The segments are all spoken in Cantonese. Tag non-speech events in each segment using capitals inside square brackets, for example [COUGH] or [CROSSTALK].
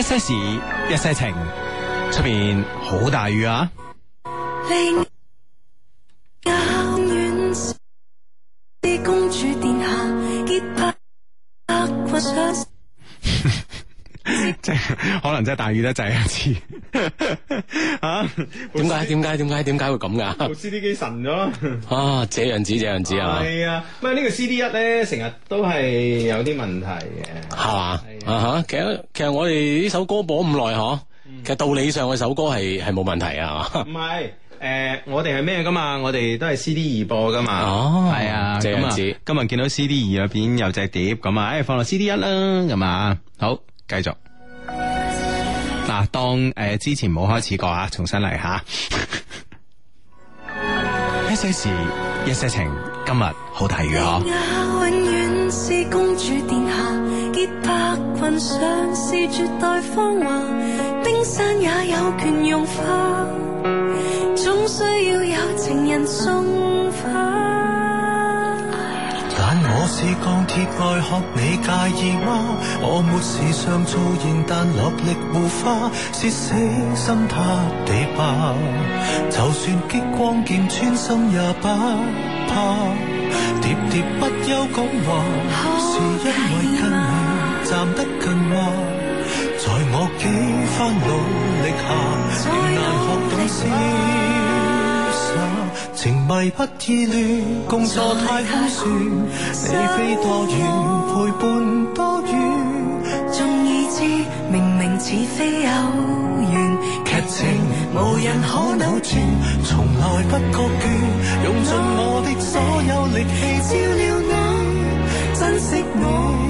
一些事，一些情，出面好大雨啊！寧願公主殿下，結不即係可能真係大雨得滯一次吓？點解？點 [LAUGHS] 解、啊？點解？點解會咁噶？部 C D 機神咗 [LAUGHS] 啊！這樣子，這樣子啊！係啊，咪呢個 C D 一咧，成日都係有啲問題嘅，係嘛？啊哈、uh huh.！其實其實我哋呢首歌播咁耐嗬，嗯、其實道理上嘅首歌係係冇問題啊唔係，誒、 [LAUGHS] 呃，我哋係咩噶嘛？我哋都係 C D 二播噶嘛。哦，係啊、哎呀，咁啊，今日見到 C D 二入邊有隻碟，咁啊，誒，放落 C D 一啦，咁啊，好，繼續。嗱， [MUSIC] 當誒之前冇開始過啊，重新嚟吓。 [LAUGHS] 一些事，一些情，今日好大雨啊。潔白裙上是絕代芳華，冰山也有權融化，總需要有情人送花。但我是鋼鐵外殼，你介意嗎？我沒時尚造型，但落力護花，是死心塌地吧？就算激光劍穿心也不怕，喋喋不休講話，是因為跟你。站得近嗎？在我幾番努力下，仍難學懂瀟灑，情迷不意亂，工作太空船，空你飛多遠，我陪伴多遠，怎意知明明似非有緣，劇情無人可扭轉，從來不覺倦，用盡我的所有力氣照料你，我珍惜你。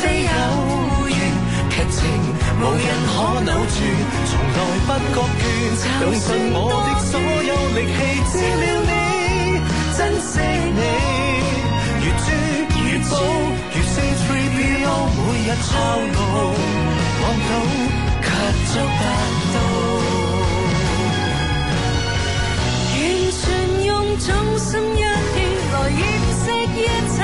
非有緣，劇情無人可扭轉，從來不覺倦。用盡我的所有力氣，為了你，珍惜你，如珠如寶，如星隨飛光，每日操勞，望到卻做不到。完全用衷心一片來掩飾一切。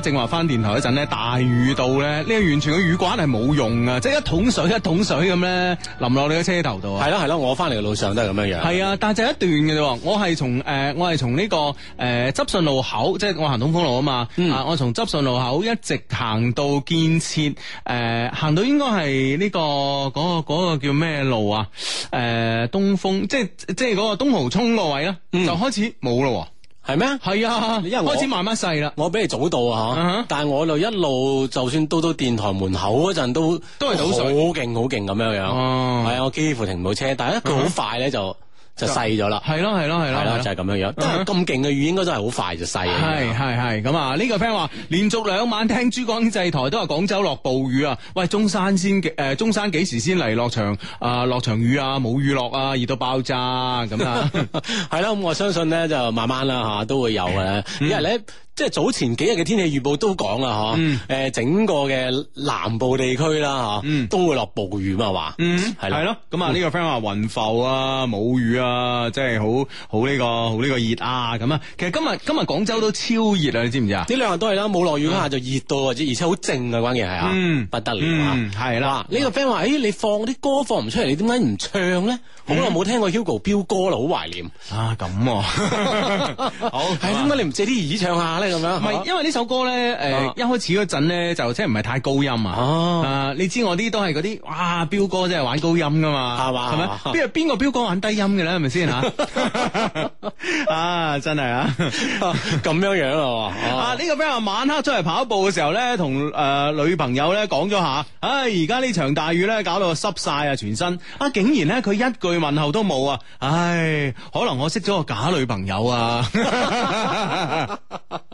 正話翻電台嗰陣咧，大雨到咧，呢個完全個雨刮係冇用噶，即係一桶水一桶水咁咧淋落你哋嘅車頭度。係咯係咯， [MUSIC] 對對對我翻嚟嘅路上都係咁樣樣。係啊，但係就一段嘅啫。我係從誒，我係從呢個誒執信路口，即、就、係、是、我行東風路啊嘛。嗯、啊，我從執信路口一直行到建設誒、呃，行到應該係呢、這個嗰、那個、那個叫咩路啊？誒、呃，東風，即係即係嗰個東濠涌個位啦，嗯、就開始冇咯。係咩？係啊，因為我開始慢慢細啦。我俾你早到啊，吓、uh！Huh. 但係我就一路，就算到到電台門口嗰陣，都都係堵水，好勁好勁咁樣樣。係啊、uh huh.，我幾乎停唔到車，但係咧佢好快咧、uh huh. 就。就細咗啦，係咯係咯係咯，就係咁樣樣。咁勁嘅雨應該都係好快就細。係係係咁啊！呢個 friend 話連續兩晚聽珠江經濟台都話廣州落暴雨啊！喂，中山先誒，中山幾時先嚟落場啊？落場雨啊？冇雨落啊？熱到爆炸咁啊！係、嗯、咯，咁我相信咧就慢慢啦吓，都會有嘅。因為咧。即係早前幾日嘅天氣預報都講啊，嗬，誒，整個嘅南部地區啦，嗬，都會落暴雨嘛，話，係咯，咁啊，呢個 friend 話雲浮啊，冇雨啊，即係好好呢個好呢個熱啊，咁啊，其實今日今日廣州都超熱啊，你知唔知啊？呢兩日都係啦，冇落雨下就熱到，而且好靜啊，關鍵係啊，不得了啊，係啦，呢個 friend 話，誒，你放啲歌放唔出嚟，你點解唔唱咧？好耐冇聽過 Hugo 飆歌啦，好懷念啊，咁啊，好，係點解你唔借啲耳唱下咧？唔係，因為呢首歌咧，誒、呃，啊、一開始嗰陣咧就即係唔係太高音啊。啊，你知我啲都係嗰啲哇，彪哥真係玩高音噶嘛，係嘛、啊？邊邊個彪哥玩低音嘅咧？係咪先啊？啊，真係啊，咁樣樣啊！樣 [LAUGHS] 啊，呢、這個咩啊？晚黑出嚟跑步嘅時候咧，同誒、呃、女朋友咧講咗下，唉、哎，而家呢場大雨咧搞到我濕晒啊，全身啊，竟然咧佢一句問候都冇啊，唉、哎，可能我識咗個假女朋友啊。 [LAUGHS] [LAUGHS]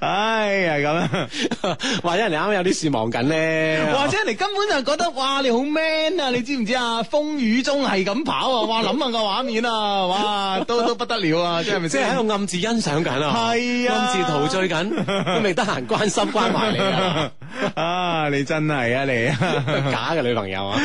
哎呀咁啊！樣 [LAUGHS] 剛剛哦、或者你啱啱有啲事忙緊咧，或者你根本就覺得哇你好 man 啊！你知唔知啊？風雨中係咁跑啊！哇諗下個畫面啊！哇 [LAUGHS] 都都不得了啊！知知即係咪先？喺度暗自欣賞緊啊！係啊！暗自陶醉緊都未得閒關心關埋你啊！ [LAUGHS] 啊你真係啊你啊 [LAUGHS] [LAUGHS] 假嘅女朋友啊！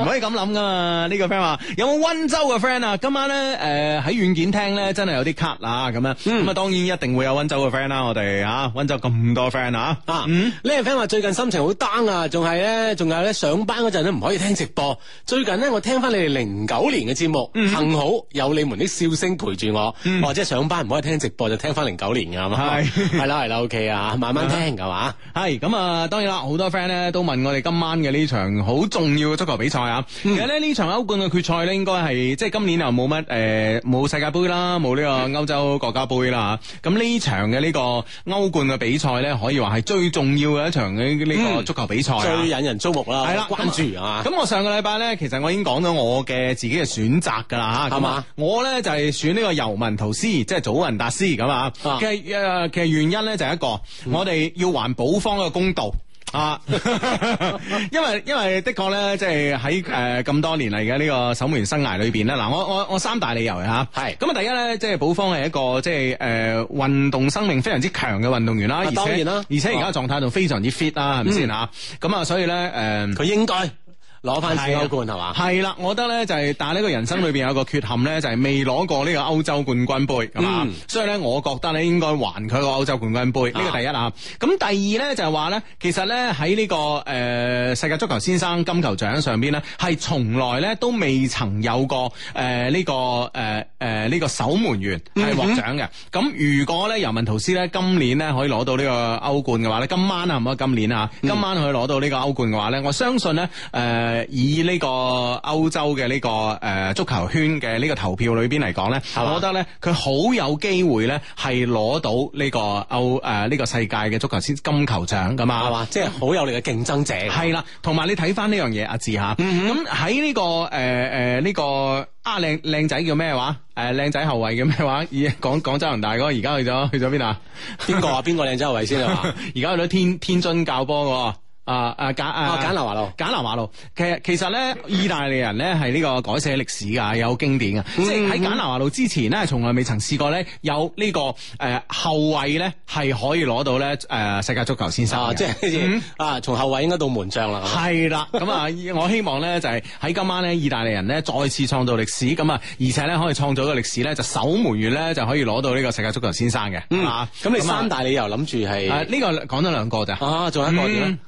唔 [LAUGHS] 可以咁諗噶嘛？呢、這個 friend 話有冇溫州嘅 friend 啊？今晚咧誒喺軟件廳咧真係有啲卡啦咁樣咁啊！嗯、當然一定會有溫州嘅 friend 啦嚟啊！溫州咁多 friend 啊！啊、嗯，呢個 friend 話最近心情好 down 啊，仲係咧，仲有咧上班嗰陣咧唔可以聽直播。最近咧，我聽翻你哋零九年嘅節目，嗯、幸好有你們啲笑聲陪住我，或者、嗯就是、上班唔可以聽直播，就聽翻零九年嘅，係嘛，係啦係啦，OK 啊，慢慢聽㗎嘛，係咁、嗯、啊。當然啦，好多 friend 咧都問我哋今晚嘅呢場好重要嘅足球比賽啊。嗯、其實咧呢場歐冠嘅決賽咧，應該係即係今年又冇乜誒冇世界盃啦，冇呢個歐洲國家盃啦。咁呢場嘅呢、呢個。歐冠嘅比賽咧，可以話係最重要嘅一場呢個足球比賽，嗯，最引人矚目啦，係啦了，關注啊！咁我上個禮拜咧，其實我已經講咗我嘅自己嘅選擇噶啦吓，係嗎、就是就是、嘛？我咧就係選呢個尤文圖斯，即係祖雲達斯咁啊！嘅誒，嘅、呃、原因咧就係一個，嗯、我哋要環保方嘅公道。啊， [LAUGHS] 因為因為的確咧，即係喺誒咁多年嚟嘅呢個守門員生涯裏邊咧，嗱、呃、我我我三大理由吓，係咁啊，第一咧，即係寶方係一個即係誒運動生命非常之強嘅運動員啦，啊、而且而且而家狀態仲非常之 fit 啦、嗯，係咪先吓？咁啊，所以咧誒，佢、呃、應該。攞翻次歐冠係嘛？係啦，我覺得咧就係，但係呢個人生裏邊有一個缺陷咧，就係未攞過呢個歐洲冠軍杯。係嘛？所以咧，我覺得咧應該還佢個歐洲冠軍杯。呢個第一啊。咁第二咧就係話咧，其實咧喺呢個誒世界足球先生金球獎上邊咧，係從來咧都未曾有過誒呢個誒誒呢個守門員係獲獎嘅。咁如果咧尤文圖斯咧今年咧可以攞到呢個歐冠嘅話咧，今晚啊，唔好話今年啊，今晚可以攞到呢個歐冠嘅話咧，我相信咧誒。以呢個歐洲嘅呢個誒足球圈嘅呢個投票裏邊嚟講咧，我覺得咧佢好有機會咧係攞到呢個歐誒呢個世界嘅足球先金球獎噶嘛，係嘛？即係好有力嘅競爭者。係啦，同埋你睇翻呢樣嘢，阿志吓，咁喺呢個誒誒呢個啊靚靚仔叫咩話？誒靚仔後衛叫咩話？以講廣州人，大哥而家去咗去咗邊啊？邊個啊？邊個靚仔後衛先啊？而家去咗天天津教波。啊啊簡啊簡南華路，簡南華路，其實其實咧，意大利人咧係呢個改寫歷史噶，有經典嘅，嗯、即係喺簡南華路之前咧，從來未曾試過咧有呢個誒後衛咧係可以攞到咧誒世界足球先生，即係啊從後衛應該到門將啦，係啦、嗯，咁啊、嗯、我希望咧就係、是、喺今晚咧，意大利人咧再次創造歷史，咁啊而且咧可以創造個歷史咧就守門員咧就可以攞到呢個世界足球先生嘅，嗯、啊咁、啊、你三大理由諗住係呢個講咗兩個咋，啊做一個啫。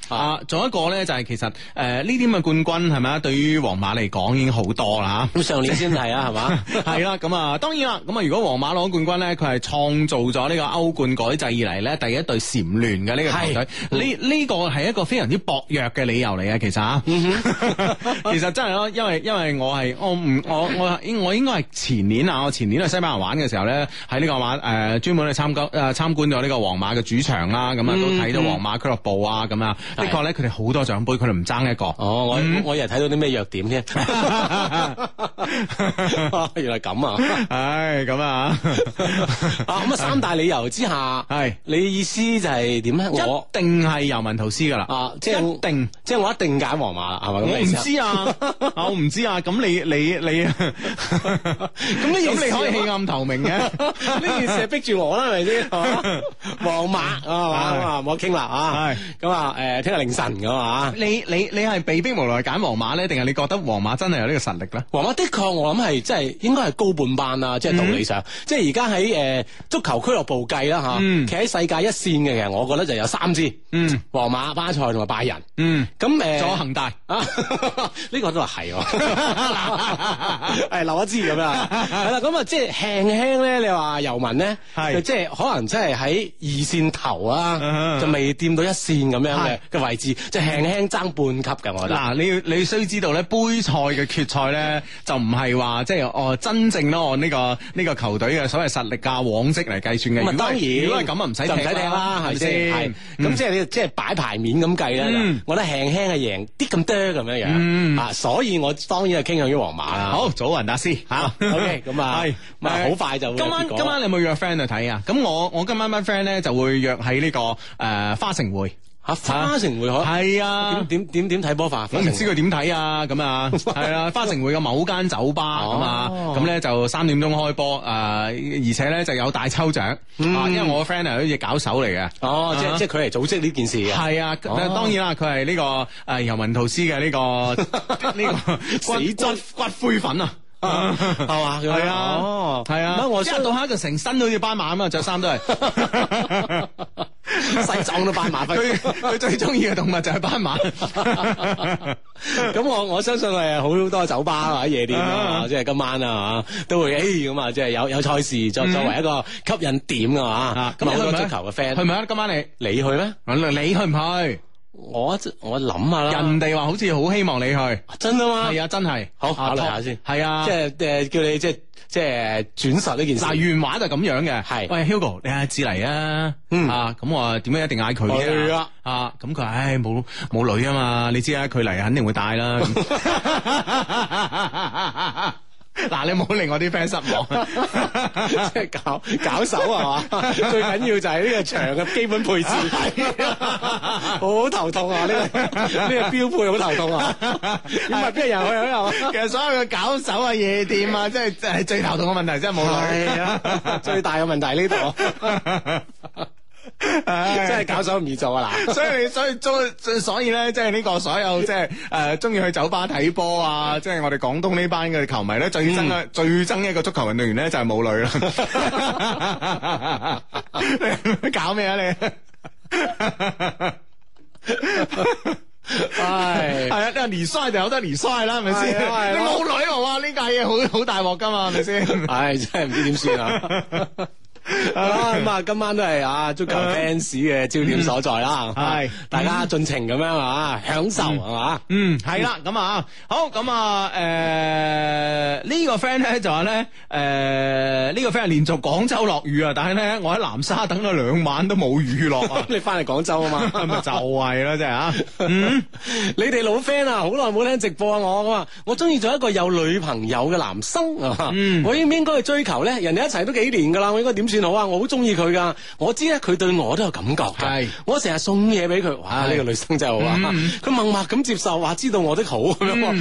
仲有一個咧，就係其實誒呢啲咁嘅冠軍係咪啊？對於皇馬嚟講已經好多啦。上年先係啊，係嘛 [LAUGHS] 吧？係啦，咁啊，當然啦。咁啊，如果皇馬攞冠軍咧，佢係創造咗呢個歐冠改制以嚟咧第一隊蟬聯嘅呢個球隊。呢呢是個係一個非常之薄弱嘅理由嚟嘅，其實啊， [LAUGHS] 其實真係咯，因為因為我係我唔我我我應該係前年啊，我前年去西班牙玩嘅時候咧，喺呢、這個馬誒專門去參、呃、觀誒參觀咗呢個皇馬嘅主場啦，咁啊都睇到皇馬俱樂部啊，咁啊 [LAUGHS] [LAUGHS] 佢哋好多獎盃，佢哋唔爭一個。哦，我我又睇到啲咩弱點添？原嚟咁啊！唉，咁啊，啊咁啊三大理由之下，係你意思就係點咧？我定係尤文圖斯噶啦，啊，即係定，即係我一定揀皇馬啦，係咪？我唔知啊，我唔知啊。咁你你你，咁你，你可以棄暗投明嘅，呢件事係逼住我啦，係咪先？皇馬啊嘛，冇傾啦啊。咁啊，誒，聽日神噶嘛？你你你係被逼無奈揀皇馬咧，定係你覺得皇馬真係有呢個實力咧？皇馬的確我諗係即係應該係高半班啊，即係道理上，即係而家喺誒足球俱樂部計啦吓，企喺世界一線嘅，其實我覺得就有三支，皇馬、巴塞同埋拜仁。嗯，咁誒，仲有恆大，呢個都話係喎。留一支咁啦，係啦，咁啊，即係輕輕咧，你話游民咧，係即係可能即係喺二線頭啊，就未掂到一線咁樣嘅嘅位。即係輕輕爭半級嘅，我覺得嗱，你要你需知道咧，杯賽嘅決賽咧就唔係話即係哦真正咯，呢個呢個球隊嘅所謂實力啊、往績嚟計算嘅。咁當然，如果係咁啊，唔使唔使啦，係咪先？係咁即係你即係擺牌面咁計啦，我覺得輕輕係贏啲咁多咁樣樣啊，所以我當然係傾向於皇馬啦。好，早雲達師吓，OK，咁啊，好快就今晚今晚你有冇約 friend 去睇啊？咁我我今晚班 friend 咧就會約喺呢個誒花城會。吓花城匯可係啊？點點點點睇波法？我唔知佢點睇啊！咁啊，係啊。花城匯嘅某間酒吧啊嘛，咁咧就三點鐘開波誒，而且咧就有大抽獎。因為我 friend 係好似搞手嚟嘅，哦，即即佢嚟組織呢件事。係啊，但當然啦，佢係呢個誒尤文圖斯嘅呢個呢個死骨骨灰粉啊，係嘛？係啊，哦，係啊，一到黑就成身好似斑馬咁啊，着衫都係。 [LAUGHS] 西藏都斑馬，佢 [LAUGHS] 最中意嘅動物就係斑馬。咁 [LAUGHS] [LAUGHS] 我我相信係好多酒吧啊夜店啊，即係今晚啊，都會誒咁啊，即、欸、係、就是、有有賽事作、嗯、作為一個吸引點啊。咁好多足球嘅 friend，係咪啊？今晚你你去咩？你去唔去？我我諗下啦。人哋話好似好希望你去，真啊嘛？係啊，真係。好，考慮下先。係啊，即係誒，叫你即係即係轉述呢件事。但係原話就咁樣嘅。係，喂，Hugo，你阿智嚟啊？嗯。啊，咁我點解一定嗌佢？係啊。啊，咁佢唉冇冇女啊嘛？你知啊，佢嚟肯定會帶啦。嗱，你唔好令我啲 friend 失望， [LAUGHS] [LAUGHS] 即係搞搞手係嘛， [LAUGHS] 最緊要就係呢個場嘅基本配置 [LAUGHS] [LAUGHS] 好，好頭痛啊！呢、這個呢 [LAUGHS] [LAUGHS] 個標配好頭痛啊！咁係邊個人去咗又？ [LAUGHS] 其實所有嘅搞手啊、夜店啊，即係係最頭痛嘅問題，真係冇啦， [LAUGHS] [LAUGHS] [LAUGHS] 最大嘅問題呢度。 [LAUGHS] 唉，真係 [LAUGHS] 搞手唔易做啊嗱， [LAUGHS] 所以所以中所以咧，即係呢個所有即係誒，中、就、意、是呃、去酒吧睇波啊！即、就、係、是、我哋廣東呢班嘅球迷咧，最憎、嗯、最憎一個足球運動員咧就係冇女啦！你 [LAUGHS] [LAUGHS] 搞咩啊你？係係啊，你年衰、 [LAUGHS] [LAUGHS] 哎 [LAUGHS] 哎、就有得年衰啦，係咪先？哎、你冇女哇，呢家嘢好好大鑊噶嘛，係咪先？唉、哎，真係唔知點算啊！ [LAUGHS] 咁啊、 [LAUGHS] 嗯，今晚都係啊足球 fans 嘅焦點所在啦。係、嗯、是大家盡情咁樣啊，享受係嘛？嗯，係啦吧，咁啊、嗯，好咁啊，誒、呃這個、呢、就是呃這個 friend 咧就話咧，誒呢個 friend 係連續廣州落雨啊，但係咧我喺南沙等咗兩晚都冇雨落。 [LAUGHS] 你翻嚟廣州啊 [LAUGHS] 嘛，咪就係、是、咯，真係、 [LAUGHS] 嗯、啊。你哋老 friend 啊，好耐冇聽直播啊。我噶嘛？我中意做一個有女朋友嘅男生，我應唔應該去追求咧？人哋一齊都幾年噶啦，我應該點算？好啊，我好中意佢噶，我知咧佢對我都有感覺嘅。是我成日送嘢俾佢，哇！呢是個女生真好話，啊，佢、嗯、默默咁接受，話知道我的好，嗯、為我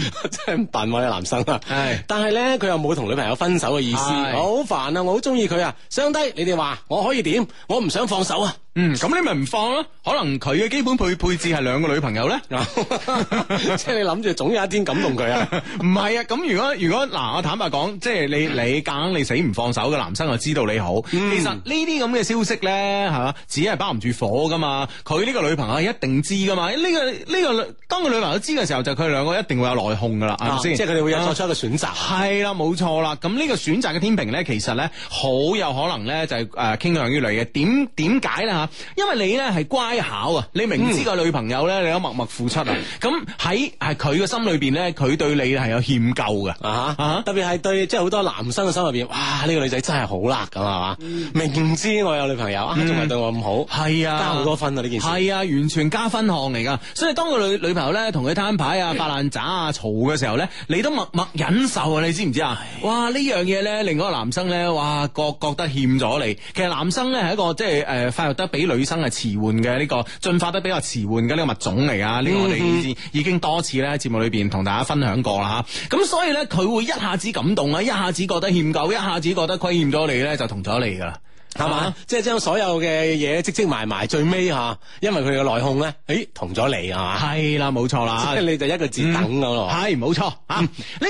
真係笨喎，啲男生啊。是但係咧，佢又冇同女朋友分手嘅意思，好煩是啊！我好中意佢啊，上低，你哋話我可以點？我唔想放手啊！嗯，咁你咪唔放咯？可能佢嘅基本配配置係兩個女朋友咧，即係你諗住總有一天感動佢啊？唔係 [LAUGHS] 啊，咁如果如果嗱、啊，我坦白講，即係你你夾硬你死唔放手嘅男生，就知道你好。嗯、其實呢啲咁嘅消息咧，係、啊、嘛，只係包唔住火噶嘛。佢呢個女朋友一定知噶嘛。呢、這個呢、這個女當個女朋友知嘅時候，就佢哋兩個一定會有內訌噶啦，係咪先？即係佢哋會作出一個選擇。係啦，冇錯啦。咁呢個選擇嘅天平咧，其實咧好有可能咧就係誒，傾向於你嘅。點點解咧？因為你咧係乖巧啊，嗯、你明知個女朋友咧，你都默默付出 [LAUGHS] 啊。咁喺係佢嘅心裏邊咧，佢對你係有歉疚嘅吓，特別係對即係好多男生嘅心裏邊，哇呢、呢個女仔真係好辣咁係嘛。嗯、明知我有女朋友、嗯、啊，仲係對我咁好，係啊，加好多分啊呢件事，係啊，完全加分項嚟噶。所以當個女女朋友咧同佢攤牌啊、發爛渣啊、嘈嘅時候咧，你都默默忍受啊，你知唔知啊？哇呢、啊、樣嘢咧令嗰個男生咧哇覺覺得欠咗你。其實男生咧係一個即係誒發育得，呃 spike, 俾女生係遲緩嘅呢個進化得比較遲緩嘅呢個物種嚟啊！呢、嗯、哼個我哋已經多次喺節目裏邊同大家分享過啦嚇，咁所以咧佢會一下子感動啊，一下子覺得歉疚，一下子覺得虧欠咗你咧，就同咗你噶啦。係嘛，啊、即係將所有嘅嘢，積積埋埋，最尾吓，因為佢嘅內訌咧，誒咦，同咗你啊，嘛，係啦，冇錯啦，即係你就一個字等個咯，係，冇錯嚇。呢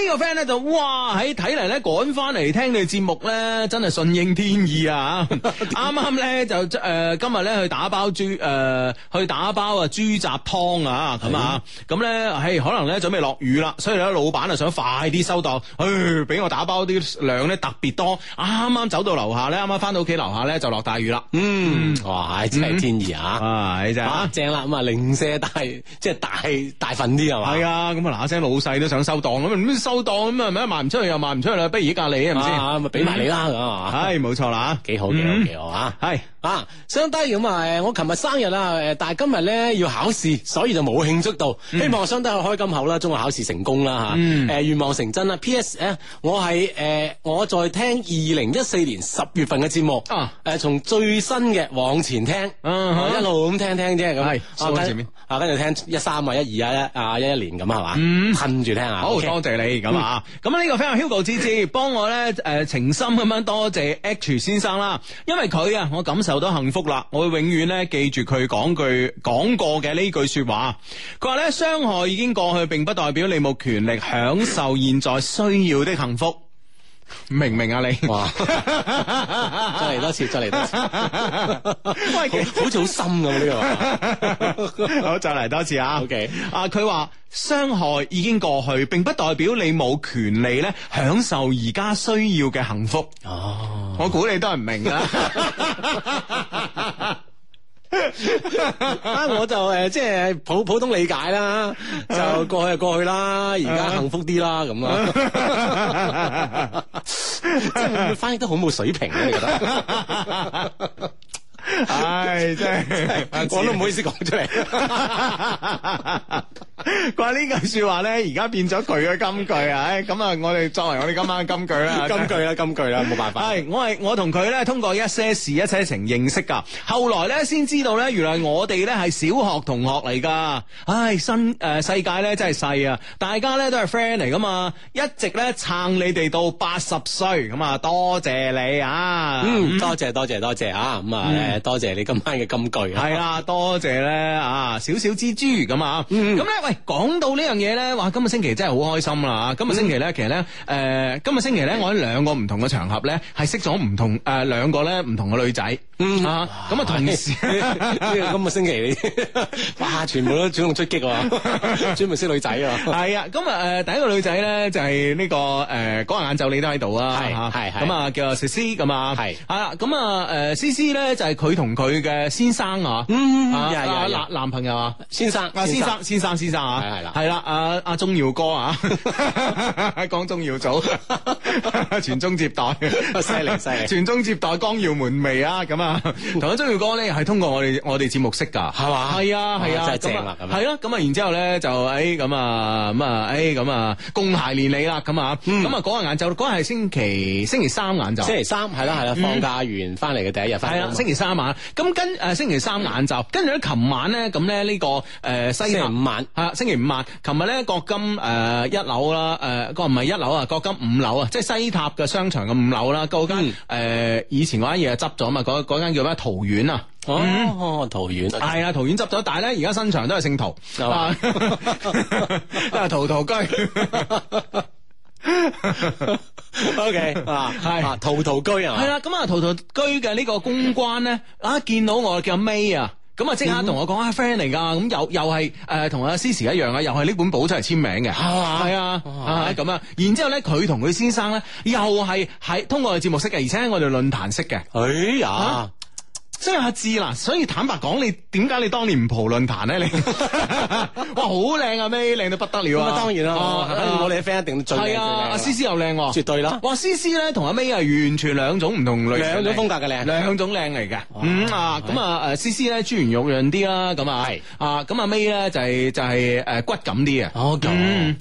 個 friend 咧就，哇，喺睇嚟咧趕翻嚟聽你節目咧，真係順應天意啊！啱啱咧就誒、呃、今日咧去打包豬誒、呃、去打包啊豬雜湯啊咁啊，咁咧係可能咧準備落雨啦，所以咧老闆啊想快啲收檔，誒俾我打包啲量咧特別多，啱啱走到樓下咧，啱啱翻到屋企樓下。剛剛咧就落大雨啦，嗯，哇，真係天意啊，啊，正啦，咁啊零舍大，即係大大份啲係嘛，係啊，咁啊嗱聲老細都想收檔咁，收檔咁啊，賣唔出去又賣唔出去啦，不如而家你係咪先，咪俾埋你、嗯、啦，咁唉，冇錯啦，幾、嗯、好幾好幾好啊，係。啊，相低咁啊！我琴日生日啦，誒，但係今日咧要考試，所以就冇慶祝到。希望相低開金口啦，祝我考試成功啦吓！啊、嗯誒，願望成真啦。P.S. 咧、呃，我係誒我在聽二零一四年十月份嘅節目，啊誒，從最新嘅往前聽，啊、哈一路咁聽聽啫。係坐喺前面。啊，跟住聽一三啊，一二啊，一啊一一年咁啊，係嘛、嗯，噴住聽啊，好 okay. 多謝你咁啊，咁、嗯、呢個 friend Hugo 之之，幫我咧誒情深咁樣多謝 H 先生啦，因為佢啊，我感受到幸福啦，我會永遠咧記住佢講句講過嘅呢句說話，佢話咧傷害已經過去，並不代表你冇權力享受現在需要的幸福。明唔明啊你？哇！ [LAUGHS] 再嚟多次，再嚟多次。喂， [LAUGHS] [LAUGHS] 好似好深咁呢個。 [LAUGHS] [LAUGHS] 好，再嚟多次 Okay. 啊。O K。啊，佢話傷害已經過去，並不代表你冇權利咧享受而家需要嘅幸福。哦。我估你都係唔明㗎。 [LAUGHS] [LAUGHS] 啊！ [LAUGHS] 我就誒，即、呃、係普普通理解啦，就過去就過去啦，而家幸福啲啦咁啊， [LAUGHS] 即係佢翻譯得好冇水平啊，你覺得？ [LAUGHS] [LAUGHS] 唉，真係是，我都唔好意思講出嚟。怪呢句說話咧，而家變咗佢嘅金句啊！咁啊，我哋作為我哋今晚嘅金句啦，金句啦，金句啦，冇辦法。係我係我同佢咧，通過一些事、一些情認識噶。後來咧，先知道咧，原來我哋咧係小學同學嚟噶。唉，新誒、呃、世界咧真係細啊！大家咧都係 friend 嚟噶嘛，一直咧撐你哋到八十歲，咁啊多謝你啊！嗯，多謝多謝多謝啊！咁、嗯、啊。嗯多謝你今晚嘅金句，係啊，多謝咧啊，小小蜘蛛咁啊，咁咧喂，講到呢樣嘢咧，哇，今個星期真係好開心啦，今個星期咧，其實咧，誒，今個星期咧，我喺兩個唔同嘅場合咧，係識咗唔同誒兩個咧唔同嘅女仔，啊，咁啊，同時今個星期，哇，全部都主動出擊啊，專門識女仔啊，係啊，咁啊，誒，第一個女仔咧就係呢個誒，嗰日晏晝你都喺度啊，係，咁啊，叫啊思思咁啊，係，係啦，咁啊，誒，思思咧就係佢。佢同佢嘅先生啊，男朋友啊，先生啊，先生先生先生啊，係啦，係啦，阿阿鍾耀哥啊，喺光宗耀祖，傳宗接代，犀利犀利，傳宗接代，光耀門楣啊，咁啊，同阿鍾耀哥咧係通過我哋我哋節目識噶，係嘛，係啊係啊，真係啦，咁啊，然之後咧就誒咁啊咁啊誒咁啊共偕連理啦，咁啊，咁啊嗰日晏晝，嗰日係星期星期三晏晝，星期三係啦係啦，放假完翻嚟嘅第一日，係啦，星期三。咁跟誒星期三晏晝，跟住咧琴晚咧咁咧呢個誒、呃、西塔星期五晚嚇、嗯，星期五晚。琴日咧國金誒、呃、一樓啦，誒個唔係一樓、嗯呃、啊，國金五樓啊，即係西塔嘅商場嘅五樓啦。嗰間以前嗰間嘢執咗啊嘛，嗰間叫咩？桃園啊，哦，桃園，啊，係啊，桃園執咗，但係咧而家新場都係姓陶，都係陶陶居。O K 啊，係陶陶居啊，係啦，咁啊陶陶居嘅呢個公關咧啊見到我叫阿 May 啊，咁啊即刻同我講啊 friend 嚟噶，咁又又係誒同阿 C C 一樣啊，又係呢本簿出嚟簽名嘅，係啊，係啊，咁啊，然之後咧佢同佢先生咧又係喺通過我哋節目識嘅，而且喺我哋論壇識嘅，哎呀。真係阿志啦，所以坦白講，你點解你當年唔蒲論壇咧？你哇，好靚阿 May，靚到不得了啊！咁當然啦，我哋嘅 friend 一定最靚。係啊，阿 C C 又靚，絕對啦。哇，C C 咧同阿 May 係完全兩種唔同類型，兩種風格嘅靚，兩種靚嚟嘅。嗯啊，咁啊，誒，C C 咧，珠圓肉潤啲啦，咁啊，係啊，咁阿 May 咧就係就係誒骨感啲嘅。哦咁。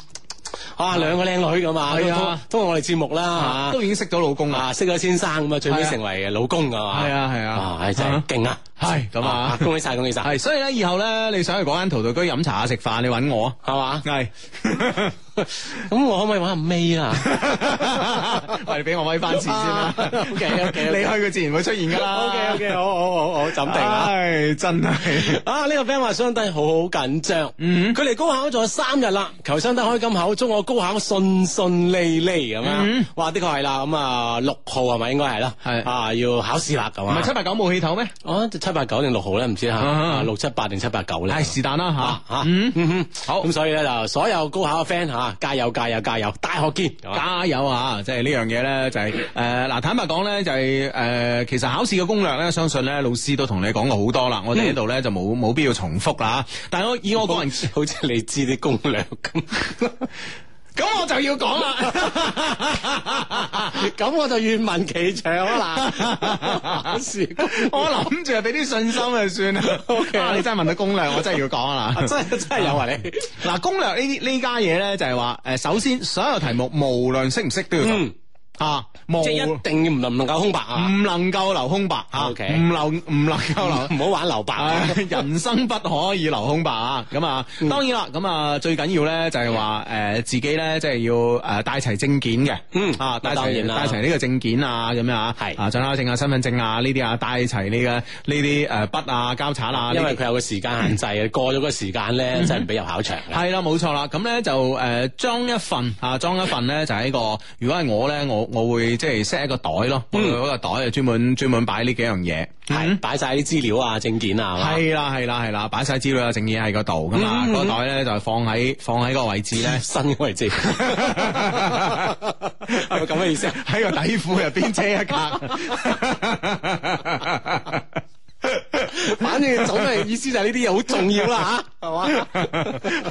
啊，兩個靚女咁嘛，係啊，通過我哋節目啦，吓、啊、都已經識咗老公啦，啊、識咗先生咁啊，最尾成為老公噶嘛，係啊係啊，啊真係勁啊！係咁啊！恭喜晒，恭喜晒！係所以咧，以後咧，你想去嗰間陶陶居飲茶啊、食飯，你揾我啊，係嘛？係咁，我可唔可以玩下咩啦？係俾我威翻次先啦。O K O K，你去佢自然會出現噶啦。O K O K，好好好好，鎮定。係真係啊！呢個 friend 話，相低好緊張。距離高考仲有三日啦，求相低開金口，祝我高考順順利利咁啊！哇，的確係啦。咁啊，六號係咪應該係啦？係啊，要考試啦咁啊！唔係七八九冇氣頭咩？七八九定六號咧，唔知吓，六七八定七八九咧，係是但啦吓吓。好咁，所以咧就所有高考嘅 friend 吓，加油加油加油！大學見加油啊！即係呢樣嘢咧，就係誒嗱，坦白講咧，就係誒，其實考試嘅攻略咧，相信咧老師都同你講過好多啦。我哋呢度咧就冇冇必要重複啦。但係我以我個人好似你知啲攻略咁。咁我就要講啦，咁 [LAUGHS] [LAUGHS] 我就願聞其詳啦。 [LAUGHS] [LAUGHS] 我諗住俾啲信心就算啦。O [LAUGHS] K， [LAUGHS] 啊、你真係問到攻略，我真係要講啦， [LAUGHS] 啊。真真係有 [LAUGHS] 啊你。嗱，攻略呢啲呢家嘢咧就係話，誒，首先所有題目無論識唔識都要做。嗯啊！即一定唔能唔能夠空白啊，唔能夠留空白啊，唔留唔能夠留，唔好玩留白。人生不可以留空白啊！咁啊，當然啦，咁啊最緊要咧就係話誒自己咧即係要誒帶齊證件嘅，嗯啊帶齊帶齊呢個證件啊咁樣啊，係啊准考證啊、身份證啊呢啲啊帶齊呢個呢啲誒筆啊、膠擦啊，因為佢有個時間限制啊，過咗個時間咧就唔俾入考場。係啦，冇錯啦，咁咧就誒裝一份啊，裝一份咧就喺個如果係我咧我。我會即係 set 一個袋咯，嗯、我嗰個袋就專門專門擺呢幾樣嘢，係擺晒啲資料啊、證件啊，係啦係啦係啦，擺晒資料啊、證件喺個度噶嘛，嗯嗯嗯個袋咧就係、放喺放喺個位置咧，新嘅位置，係咁嘅意思，喺 [LAUGHS] 個底褲入邊遮一格。 [LAUGHS] [LAUGHS] 總之，意思就係呢啲嘢好重要啦，吓係嘛？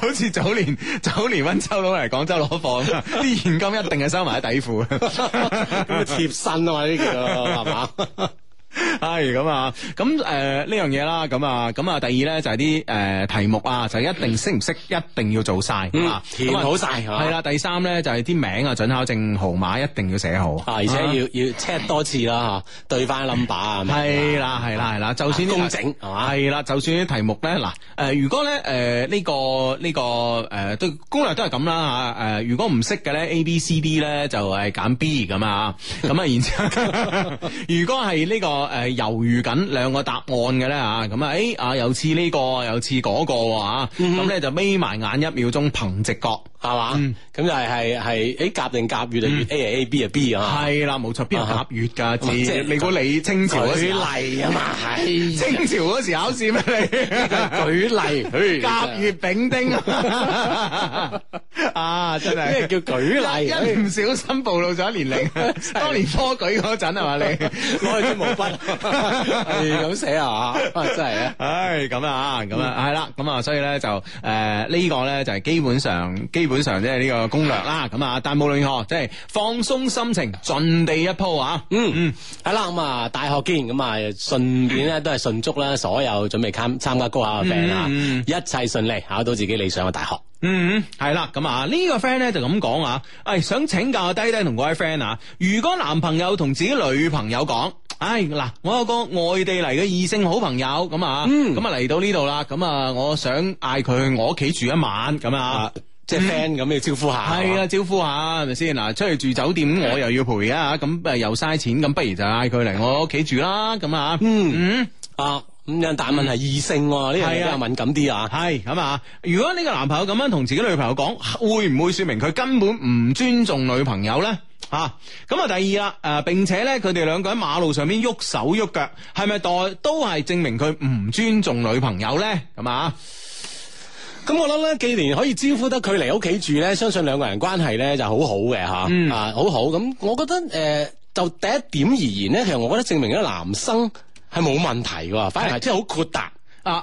[LAUGHS] 好似早年早年溫州佬嚟廣州攞貨，啲 [LAUGHS] 現金一定係收埋喺底褲，貼 [LAUGHS] [LAUGHS] 身啊嘛，呢叫做係嘛？係咁啊，咁誒呢樣嘢啦，咁啊，咁啊，第二咧就係啲誒題目啊，就一定識唔識一定要做晒，填好晒，係啦。第三咧就係啲名啊，准考證號碼一定要寫好，而且要要 check 多次啦吓，對翻 number，係啦係啦係啦，就算工整係嘛。係啦，就算啲題目咧，嗱誒，如果咧誒呢個呢個誒，對，規律都係咁啦吓。誒，如果唔識嘅咧，A B C D 咧就係揀 B 咁啊，咁啊，然之後如果係呢個。誒，猶、呃、豫緊兩個答案嘅咧吓，咁啊，誒、哎，啊，又似呢、這個，又似嗰個、啊，吓、啊，咁、啊、咧、啊嗯，就眯埋眼，一秒鐘憑直覺，係嘛、嗯，咁、嗯嗯、就係係係，誒，甲定甲，月就越 A 係 A，B 係 B 啊，係啦，冇錯，邊個甲越噶字，即係你估你清朝嗰時舉例啊嘛，清朝嗰時考試咩？你舉例，甲乙丙丁， [LAUGHS] 啊，真係，咩叫舉例，因為你唔小心暴露咗年齡， [LAUGHS] 當年科舉嗰陣係嘛，你我係做毛筆。係咁寫啊，真係啊，唉咁啊，咁啊係啦，咁 objectives 啊 t Buzz，所以咧就誒呢個咧就係基本上基本上即係呢個攻略啦。咁啊，但無論如何，即係放鬆心情，盡地一鋪啊。嗯、anyway, 嗯、so, uh,，係、yes, 啦，咁啊，大學見咁啊，順便咧都係順足啦。所有準備參參加高考嘅 friend 啊，一切順利，考到自己理想嘅大學。嗯，嗯，係啦，咁啊呢個 friend 咧就咁講啊，係想請教低低同各位 friend 啊，如果男朋友同自己女朋友講？唉，嗱，我有個外地嚟嘅異性好朋友，咁啊，咁啊嚟到呢度啦，咁啊，我想嗌佢去我屋企住一晚，咁啊，啊即係 friend 咁要招呼下。係吧，嗯，係啊，招呼下係咪先？嗱，出去住酒店我又要賠啊，咁誒又嘥錢，咁不如就嗌佢嚟我屋企住啦，咁啊。嗯。嗯啊。咁樣，但係問題異性呢樣嘢比較敏感啲啊。係咁啊，如果呢個男朋友咁樣同自己女朋友講，會唔會說明佢根本唔尊重女朋友呢？吓咁啊，第二啦，誒、啊，並且呢，佢哋兩個喺馬路上邊喐手喐腳，係咪代都係證明佢唔尊重女朋友呢？咁啊，咁、嗯、我諗咧，既然可以招呼得佢嚟屋企住呢，相信兩個人關係呢就好好嘅吓啊，嗯、啊好好咁，我覺得誒、呃，就第一點而言呢，其實我覺得證明咗男生。冇問題嘅，反而係真係好豁達。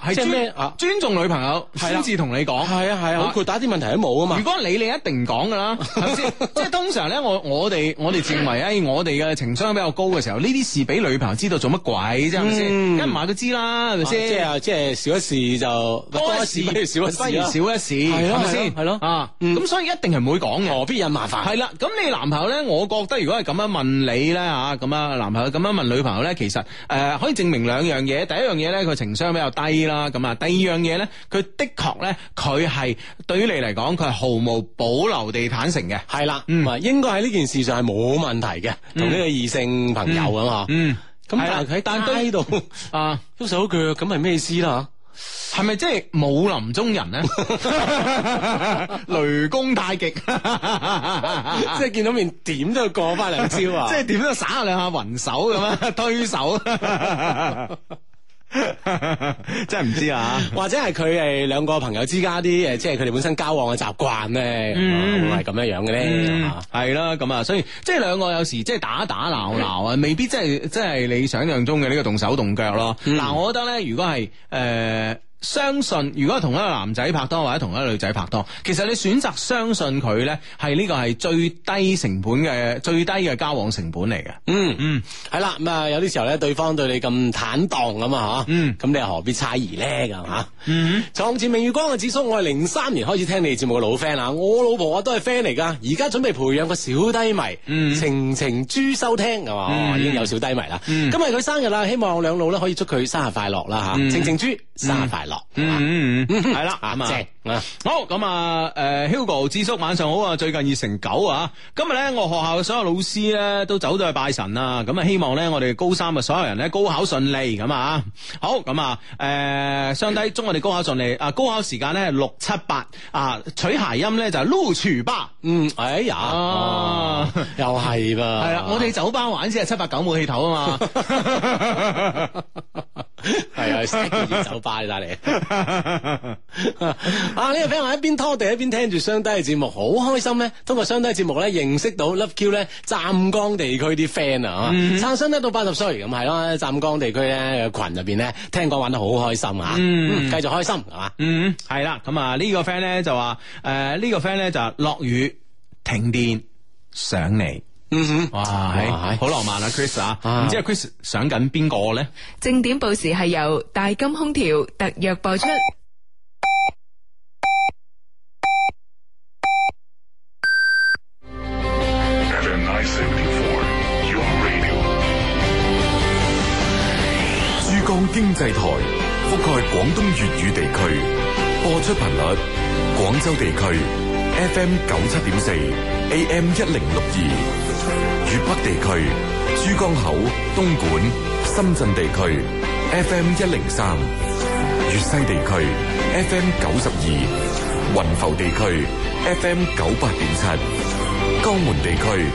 係尊重女朋友先至同你講，係啊係啊，佢打啲問題都冇啊嘛。如果你你一定唔講噶啦，係咪先？即係通常咧，我我哋我哋認為，誒，我哋嘅情商比較高嘅時候，呢啲事俾女朋友知道做乜鬼啫，係咪先？一唔埋都知啦，係咪先？即係即係少一事就多一事，少一事少一事，係咪先？係咯，啊，咁所以一定係唔會講嘅，何必引麻煩？係啦，咁你男朋友咧，我覺得如果係咁樣問你咧，吓咁啊，男朋友咁樣問女朋友咧，其實誒可以證明兩樣嘢，第一樣嘢咧，佢情商比較低。啦，咁啊、嗯，第二、嗯、樣嘢咧，佢的確咧，佢係對於你嚟講，佢係毫無保留地坦誠嘅，係啦，嗯，應該喺呢件事上係冇問題嘅，同呢個異性朋友咁啊，嗯，咁但係喺街度啊，拖手腳咁係咩意思啦？吓，係咪即係武林中人咧？ [LAUGHS] [LAUGHS] 雷公太帶極， [LAUGHS] [LAUGHS] 即係見到面點都要過翻兩招啊！ [LAUGHS] 即係點都耍兩下雲手咁啊，推手。 [LAUGHS] [LAUGHS] 真係唔知啊， [LAUGHS] 或者係佢哋，兩個朋友之間啲誒，即係佢哋本身交往嘅習慣咧，係咁、嗯、樣呢、嗯、樣嘅咧，係啦，咁啊，所以即係兩個有時即係打打鬧鬧啊，的未必即係真係你想象中嘅呢個動手動腳咯。嗱、嗯，我覺得咧，如果係誒。呃相信如果同一個男仔拍拖或者同一個女仔拍拖，其實你選擇相信佢咧，係呢個係最低成本嘅最低嘅交往成本嚟嘅。嗯嗯，係啦、嗯，咁啊有啲時候咧，對方對你咁坦蕩咁啊嚇，咁、嗯、你又何必猜疑呢？咁嚇？嗯，床前明月光嘅子叔，我係零三年開始聽你節目嘅老 friend 啊，我老婆啊都係 friend 嚟㗎，而家準備培養個小低迷，情情豬收聽、嗯、已經有小低迷啦。嗯、今日佢生日啦，希望我兩老咧可以祝佢生日快樂啦嚇，情情豬生日快樂。嗯嗯嗯，係啦，啊，好咁啊，誒、呃、，Hugo 智叔，晚上好啊，最近熱成九啊，今日咧我學校嘅所有老師咧都走咗去拜神啦、啊，咁啊希望咧我哋高三嘅所有人咧高考順利，咁啊，好咁啊，誒、嗯呃，相低祝我哋高考順利，啊，高考時間咧六七八啊，取諧音咧就擼廚吧，嗯，哎呀，ah, 啊、又係噃，係啦， [LAUGHS] 我哋酒吧玩先係七八九冇氣頭啊嘛。 [LAUGHS] 係啊 s e x 酒吧你帶嚟啊！呢、呢個 friend 我一邊拖地一邊聽住雙低嘅節目，好開心咧。通過雙低嘅節目咧，認識到 Love Q 咧湛江地區啲 friend 啊產、嗯嗯，啊，生得到八十歲咁係咯，湛江地區咧群入邊咧，聽講玩得好開心啊，繼、嗯啊、續開心係嘛，啊、嗯，係啦，咁啊呢、呃呢個 friend 咧就話誒呢個 friend 咧就落雨停電上嚟。」嗯哼，哇，好浪漫啊，Chris 啊，唔知阿 Chris 想緊邊個咧？正點報時係由大金空調特約播出。 [NOISE] nice、74，珠江經濟台覆蓋廣東粵語地區，播出頻率：廣州地區 FM 九七點四，AM 一零六二。粵北地區珠江口、東莞、深圳地區 FM 一零三，粵西地區 FM 九十二，雲浮地區 FM 九八點七，江門地區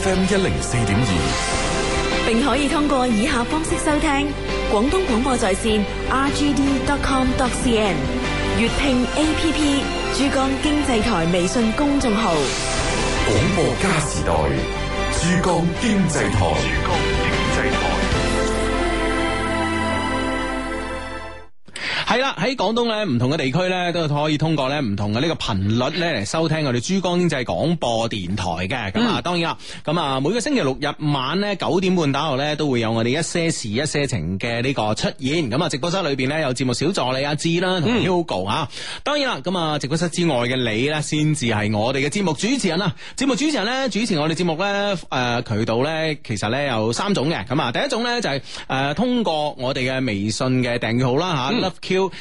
FM 一零四點二，並可以通過以下方式收聽廣東廣播在線 R G D dot com dot C N、粵聽 A P P、珠江經濟台微信公眾號、廣播加時代。珠江經濟台。係啦，喺廣東咧，唔同嘅地區咧，都可以通過咧唔同嘅呢個頻率咧嚟收聽我哋珠江經濟廣播電台嘅。咁啊、嗯，當然啦，咁啊，每個星期六日晚咧九點半打後咧，都會有我哋一些事一些情嘅呢個出現。咁啊，直播室裏邊呢，有節目小助理阿志啦、嗯，同 Hugo 吓。當然啦，咁啊，直播室之外嘅你咧，先至係我哋嘅節目主持人啦。節目主持人咧主，主持我哋節目咧，誒、呃、渠道咧其實咧有三種嘅。咁啊，第一種咧就係誒通過我哋嘅微信嘅訂閱號啦吓。啊 Q，誒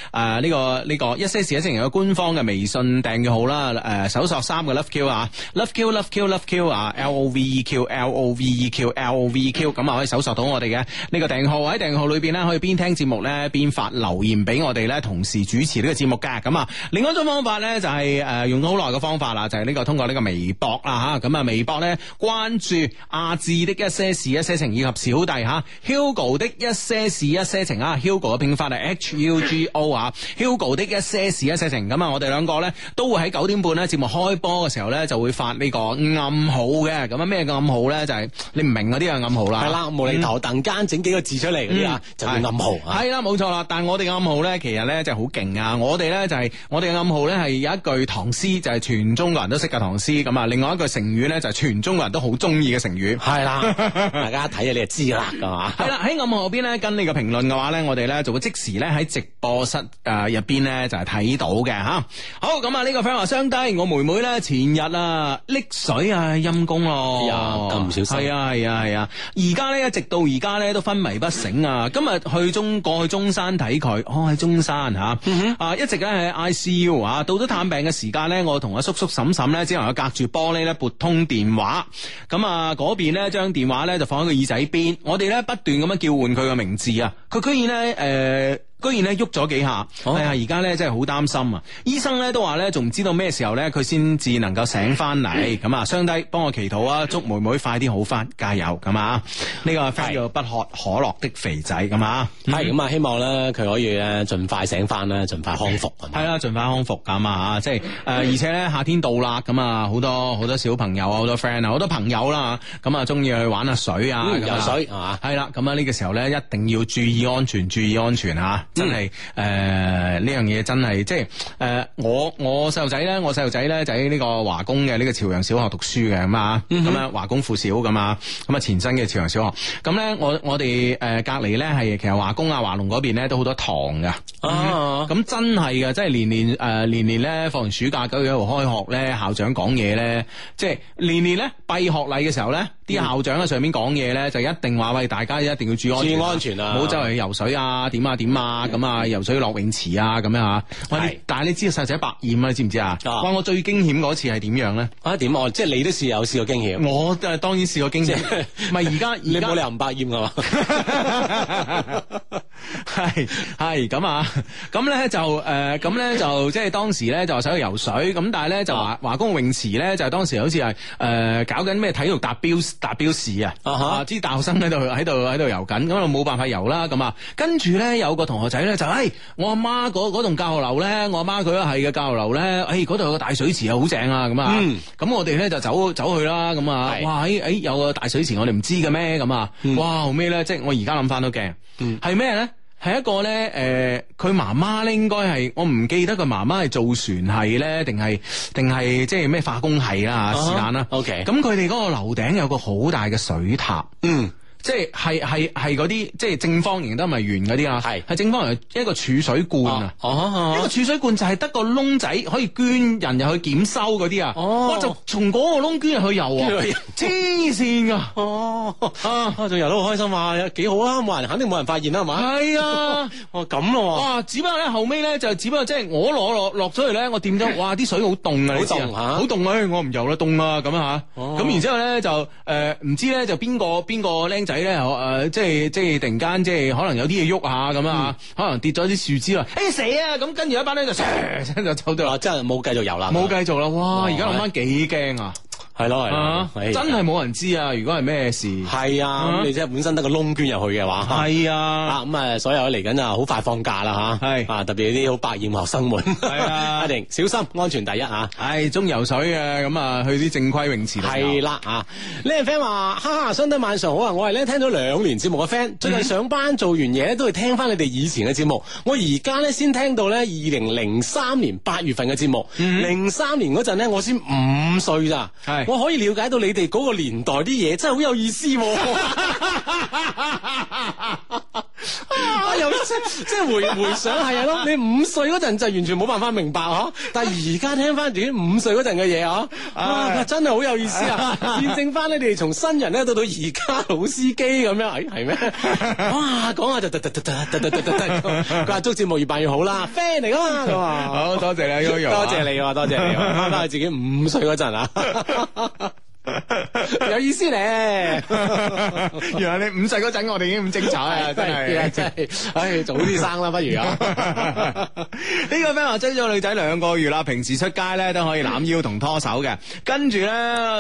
呢個呢個一些事一些情嘅官方嘅微信訂閱號啦，誒搜索三個 Love Q 啊，Love Q Love Q Love Q 啊，L O V E Q L O V E Q L O V E Q，咁啊可以搜索到我哋嘅呢個訂閱號。喺訂閱號裏邊咧，可以邊聽節目呢，邊發留言俾我哋呢，同時主持呢個節目嘅。咁啊，另外一種方法呢，就係誒用咗好耐嘅方法啦，就係呢個通過呢個微博啦吓。咁啊，微博呢，關注阿志的一些事一些情以及小弟吓，Hugo 的一些事一些情啊，Hugo 嘅拼法係 H U G。o 啊，Hugo 的一些事一些情，咁啊，我哋兩個咧都會喺九點半咧節目開波嘅時候咧就會發呢個暗號嘅，咁啊咩暗號咧就係、是、你唔明嗰啲暗號啦，係啦無厘頭突然間整幾個字出嚟嗰啲啊，嗯、就叫暗號，係對、啊、啦冇錯啦。但係我哋嘅暗號咧其實咧就係好勁噶，我哋咧就係、是、我哋嘅暗號咧係有一句唐詩就係、是、全中國人都識嘅唐詩，咁啊另外一句成語咧就係、是、全中國人都好中意嘅成語，係啦， [LAUGHS] 大家睇下、啊、你就知 [LAUGHS] 啦，係嘛，係啦喺暗號邊咧跟呢個評論嘅話咧，我哋咧就會即時咧喺直播。臥室誒，入邊咧就係、是、睇到嘅吓。好咁啊，呢個 friend 話傷低我妹妹咧，前日啊溺水啊，陰公咯，咁唔、哎、小心。係啊，係啊，係啊。而家咧，一直到而家咧都昏迷不醒啊。今日去中過去中山睇佢，哦，喺中山吓、嗯、哼啊，一直咧喺 I C U 啊。到咗探病嘅時間咧，我同阿叔叔嬸嬸咧只能去隔住玻璃咧撥通電話。咁啊，嗰邊咧將電話咧就放喺個耳仔邊，我哋咧不斷咁樣叫喚佢個名字啊。佢居然咧誒。呃呃居然咧喐咗幾下，係啊、哦！而家咧真係好擔心啊！醫生咧都話咧仲唔知道咩時候咧佢先至能夠醒翻嚟，咁啊傷低，幫我祈禱啊！祝妹妹快啲好翻，加油咁啊！呢、這個 friend 叫不喝可樂的肥仔咁啊！係咁啊！希望咧佢可以誒盡快醒翻啦，盡快康復。係啦，盡快康復咁啊！即係誒，嗯、而且咧夏天到啦，咁啊好多好多小朋友啊，好多 friend 啊，好多朋友啦，咁啊中意去玩下水啊，游、嗯、水係嘛？係啦，咁啊呢個時候咧一定要注意安全，注意安全吓。嗯、真係誒呢樣嘢真係即係誒我我細路仔咧，我細路仔咧就喺呢，呢，呢個華工嘅呢、呢個朝陽小學讀書嘅咁啊，咁啊、嗯、哼華工附小咁啊，咁啊前身嘅朝陽小學。咁、嗯、咧我我哋誒隔籬咧係其實華工啊華農嗰邊咧都好多堂噶，咁、啊嗯、真係噶，即係年年誒年年咧放完暑假九月一號開學咧校長講嘢咧，即係年年咧閉學禮嘅時候咧。啲校長喺上面講嘢咧，就一定話喂，大家一定要注意安全，注意安全啊！唔好周圍去游水啊，點啊點啊咁啊，游水落泳池啊咁樣啊。係，是但係你知細仔百厭啊，你知唔知啊？哇！我最驚險嗰次係點樣咧？啊點我？即係你都試有試過驚險，我誒當然試過驚險。唔係而家而家你又唔百厭噶嘛？ [LAUGHS] [LAUGHS] 係係咁啊，咁咧就誒，咁、呃、咧就即係當時咧就想去游水，咁但係咧就華華、啊、工泳池咧就當時好似係誒搞緊咩體育達標達標試啊，哈啊，啊啲大學生喺度喺度喺度游緊，咁啊冇辦法游啦，咁啊，跟住咧有個同學仔咧就誒、欸，我阿媽嗰嗰棟教學樓咧，我阿媽佢都係嘅教學樓咧，誒嗰度有個大水池啊，好正啊，咁啊、嗯，咁我哋咧就走走去啦，咁啊，哇誒、欸欸、有個大水池我，我哋唔知嘅咩咁啊，嗯、哇後尾咧即係我而家諗翻都驚，係咩咧？嗯係一個咧，誒、呃，佢媽媽咧應該係我唔記得佢媽媽係造船系咧，定係定係即係咩化工系啊？是但啦。OK，咁佢哋嗰個樓頂有個好大嘅水塔。嗯。即係係係嗰啲即係正方形都唔係圓嗰啲啊，係係正方形一個儲水罐啊，一個儲水罐就係得個窿仔可以捐人入去檢收嗰啲啊，我就從嗰個窿捐入去遊啊，黐線噶，啊就遊得好開心啊，幾好啊，冇人肯定冇人發現啦，係嘛？係啊，咁咯只不過咧後尾咧就只不過即係我攞落落咗嚟咧，我掂咗，哇啲水好凍啊，好凍好凍啊，我唔游得凍啊，咁啊嚇，咁然之後咧就誒唔知咧就邊個邊個僆仔咧，我即係即係突然間，即係可能有啲嘢喐下咁啊，可能跌咗啲樹枝啊，哎、欸、死啊！咁跟住一班咧就唰，就走咗啦，真係冇繼續游啦，冇繼續啦！哇，而家諗翻幾驚啊！係咯係，真係冇人知啊！如果係咩事，係啊，咁你即係本身得個窿捐入去嘅話，係啊，咁啊，所有嚟緊啊，好快放假啦吓，係啊，特別啲好百厭學生們，係啊，阿玲，小心安全第一啊！唉，中游水啊，咁啊，去啲正規泳池係啦啊！呢個 friend 話，哈哈，Sunday 晚上好啊！我係咧聽咗兩年節目嘅 friend，最近上班做完嘢都係聽翻你哋以前嘅節目。我而家咧先聽到咧二零零三年八月份嘅節目，零三年嗰陣咧我先五歲咋。我可以了解到你哋個年代啲嘢，真係好有意思喎、啊。 [LAUGHS] [LAUGHS] 啊！又即係回回想係啊，咯你五歲嗰陣就完全冇辦法明白嗬、啊，但係而家聽翻自己五歲嗰陣嘅嘢嗬，啊，、uh, 啊真係好有意思啊！見證翻你哋從新人咧到到而家老司機咁樣，係咩、uh,？哇！講下就得得得得得，突突突，佢話祝節目越辦越好啦，friend 嚟噶嘛咁啊！好多謝啦、啊，多謝你啊，多謝你啊，講下、um、自己五歲嗰陣啊。有意思咧， [LAUGHS] 原來你五歲嗰陣，我哋已經咁精彩啊！真係 [LAUGHS] 真係，唉， [LAUGHS] [LAUGHS] 早啲生啦，不如啊！呢 [LAUGHS] [LAUGHS] 個 friend 追咗女仔兩個月啦，平時出街咧都可以攬腰同拖手嘅。跟住咧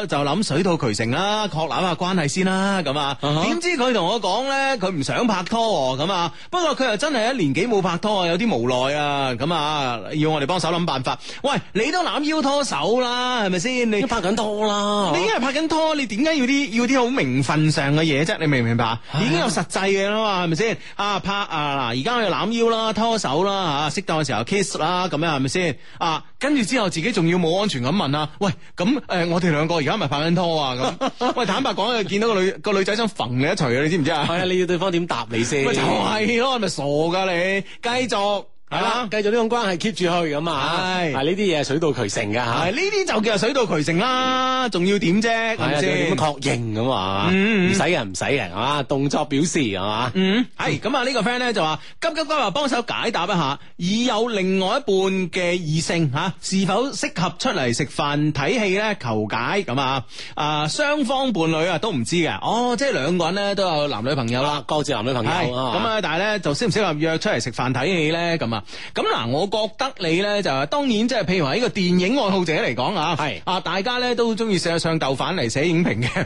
就諗水到渠成啦，確攬下關係先啦。咁啊，點知佢同我講咧，佢唔想拍拖咁啊。不過佢又真係一年幾冇拍拖，啊，有啲無奈啊。咁啊，要我哋幫手諗辦法。喂，你都攬腰拖手啦，係咪先？你都拍緊拖啦，你已經係拍緊拖，你點？點解要啲要啲好名分上嘅嘢啫？你明唔明白已經有實際嘅啦嘛，係咪先啊？拍啊，嗱，而家我又攬腰啦，拖手啦，吓，適當嘅時候 kiss 啦，咁樣係咪先啊？跟住，啊，之後自己仲要冇安全咁問啊？喂，咁誒，呃，我哋兩個而家咪拍緊拖啊？咁， [LAUGHS] 喂，坦白講，又見到個女 [LAUGHS] 個女仔想馴你一錘，你知唔知啊？係啊，你要對方點答你先？咪就係咯，係咪傻噶你，繼續。係啦，繼續呢種關係 keep 住去咁啊！係，啊呢啲嘢係水到渠成嘅吓，呢啲就叫做水到渠成啦，仲要點啫？係咪先確認咁啊？唔使人唔使人，係動作表示係嘛？嗯，係咁啊！呢個 friend 咧就話急急急話幫手解答一下，已有另外一半嘅異性吓，是否適合出嚟食飯睇戲咧？求解咁啊！啊，雙方伴侶啊都唔知嘅，哦，即係兩個人咧都有男女朋友啦，各自男女朋友咁啊！但係咧就適唔適合約出嚟食飯睇戲咧？咁啊？咁嗱，我覺得你咧就當然，即係譬如話呢個電影愛好者嚟講啊，係啊，大家咧都中意寫上豆瓣嚟寫影評嘅，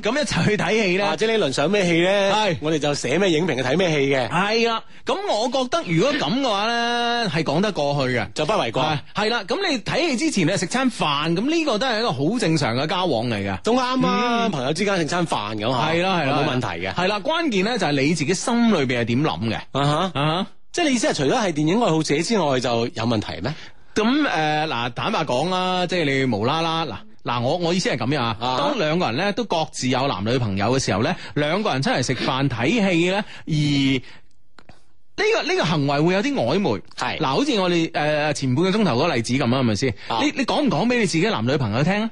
咁一齊去睇戲咧，或者呢輪上咩戲咧，我哋就寫咩影評去睇咩戲嘅，係啦。咁我覺得如果咁嘅話咧，係講得過去嘅，就不為過。係啦，咁你睇戲之前咧食餐飯，咁呢個都係一個好正常嘅交往嚟嘅，都啱啊，朋友之間食餐飯嘅，係啦係啦，冇問題嘅。係啦，關鍵咧就係你自己心裏邊係點諗嘅，啊即係你意思係除咗係電影愛好者之外就有問題咩？咁誒嗱，坦白講啦，即係你無啦啦嗱嗱，我我意思係咁樣啊。當兩個人咧都各自有男女朋友嘅時候咧，兩個人出嚟食飯睇戲咧，而呢個呢個行為會有啲曖昧係嗱是、呃，好似我哋誒、呃、前半個鐘頭嗰個例子咁啊，係咪先？你你講唔講俾你自己男女朋友聽咧？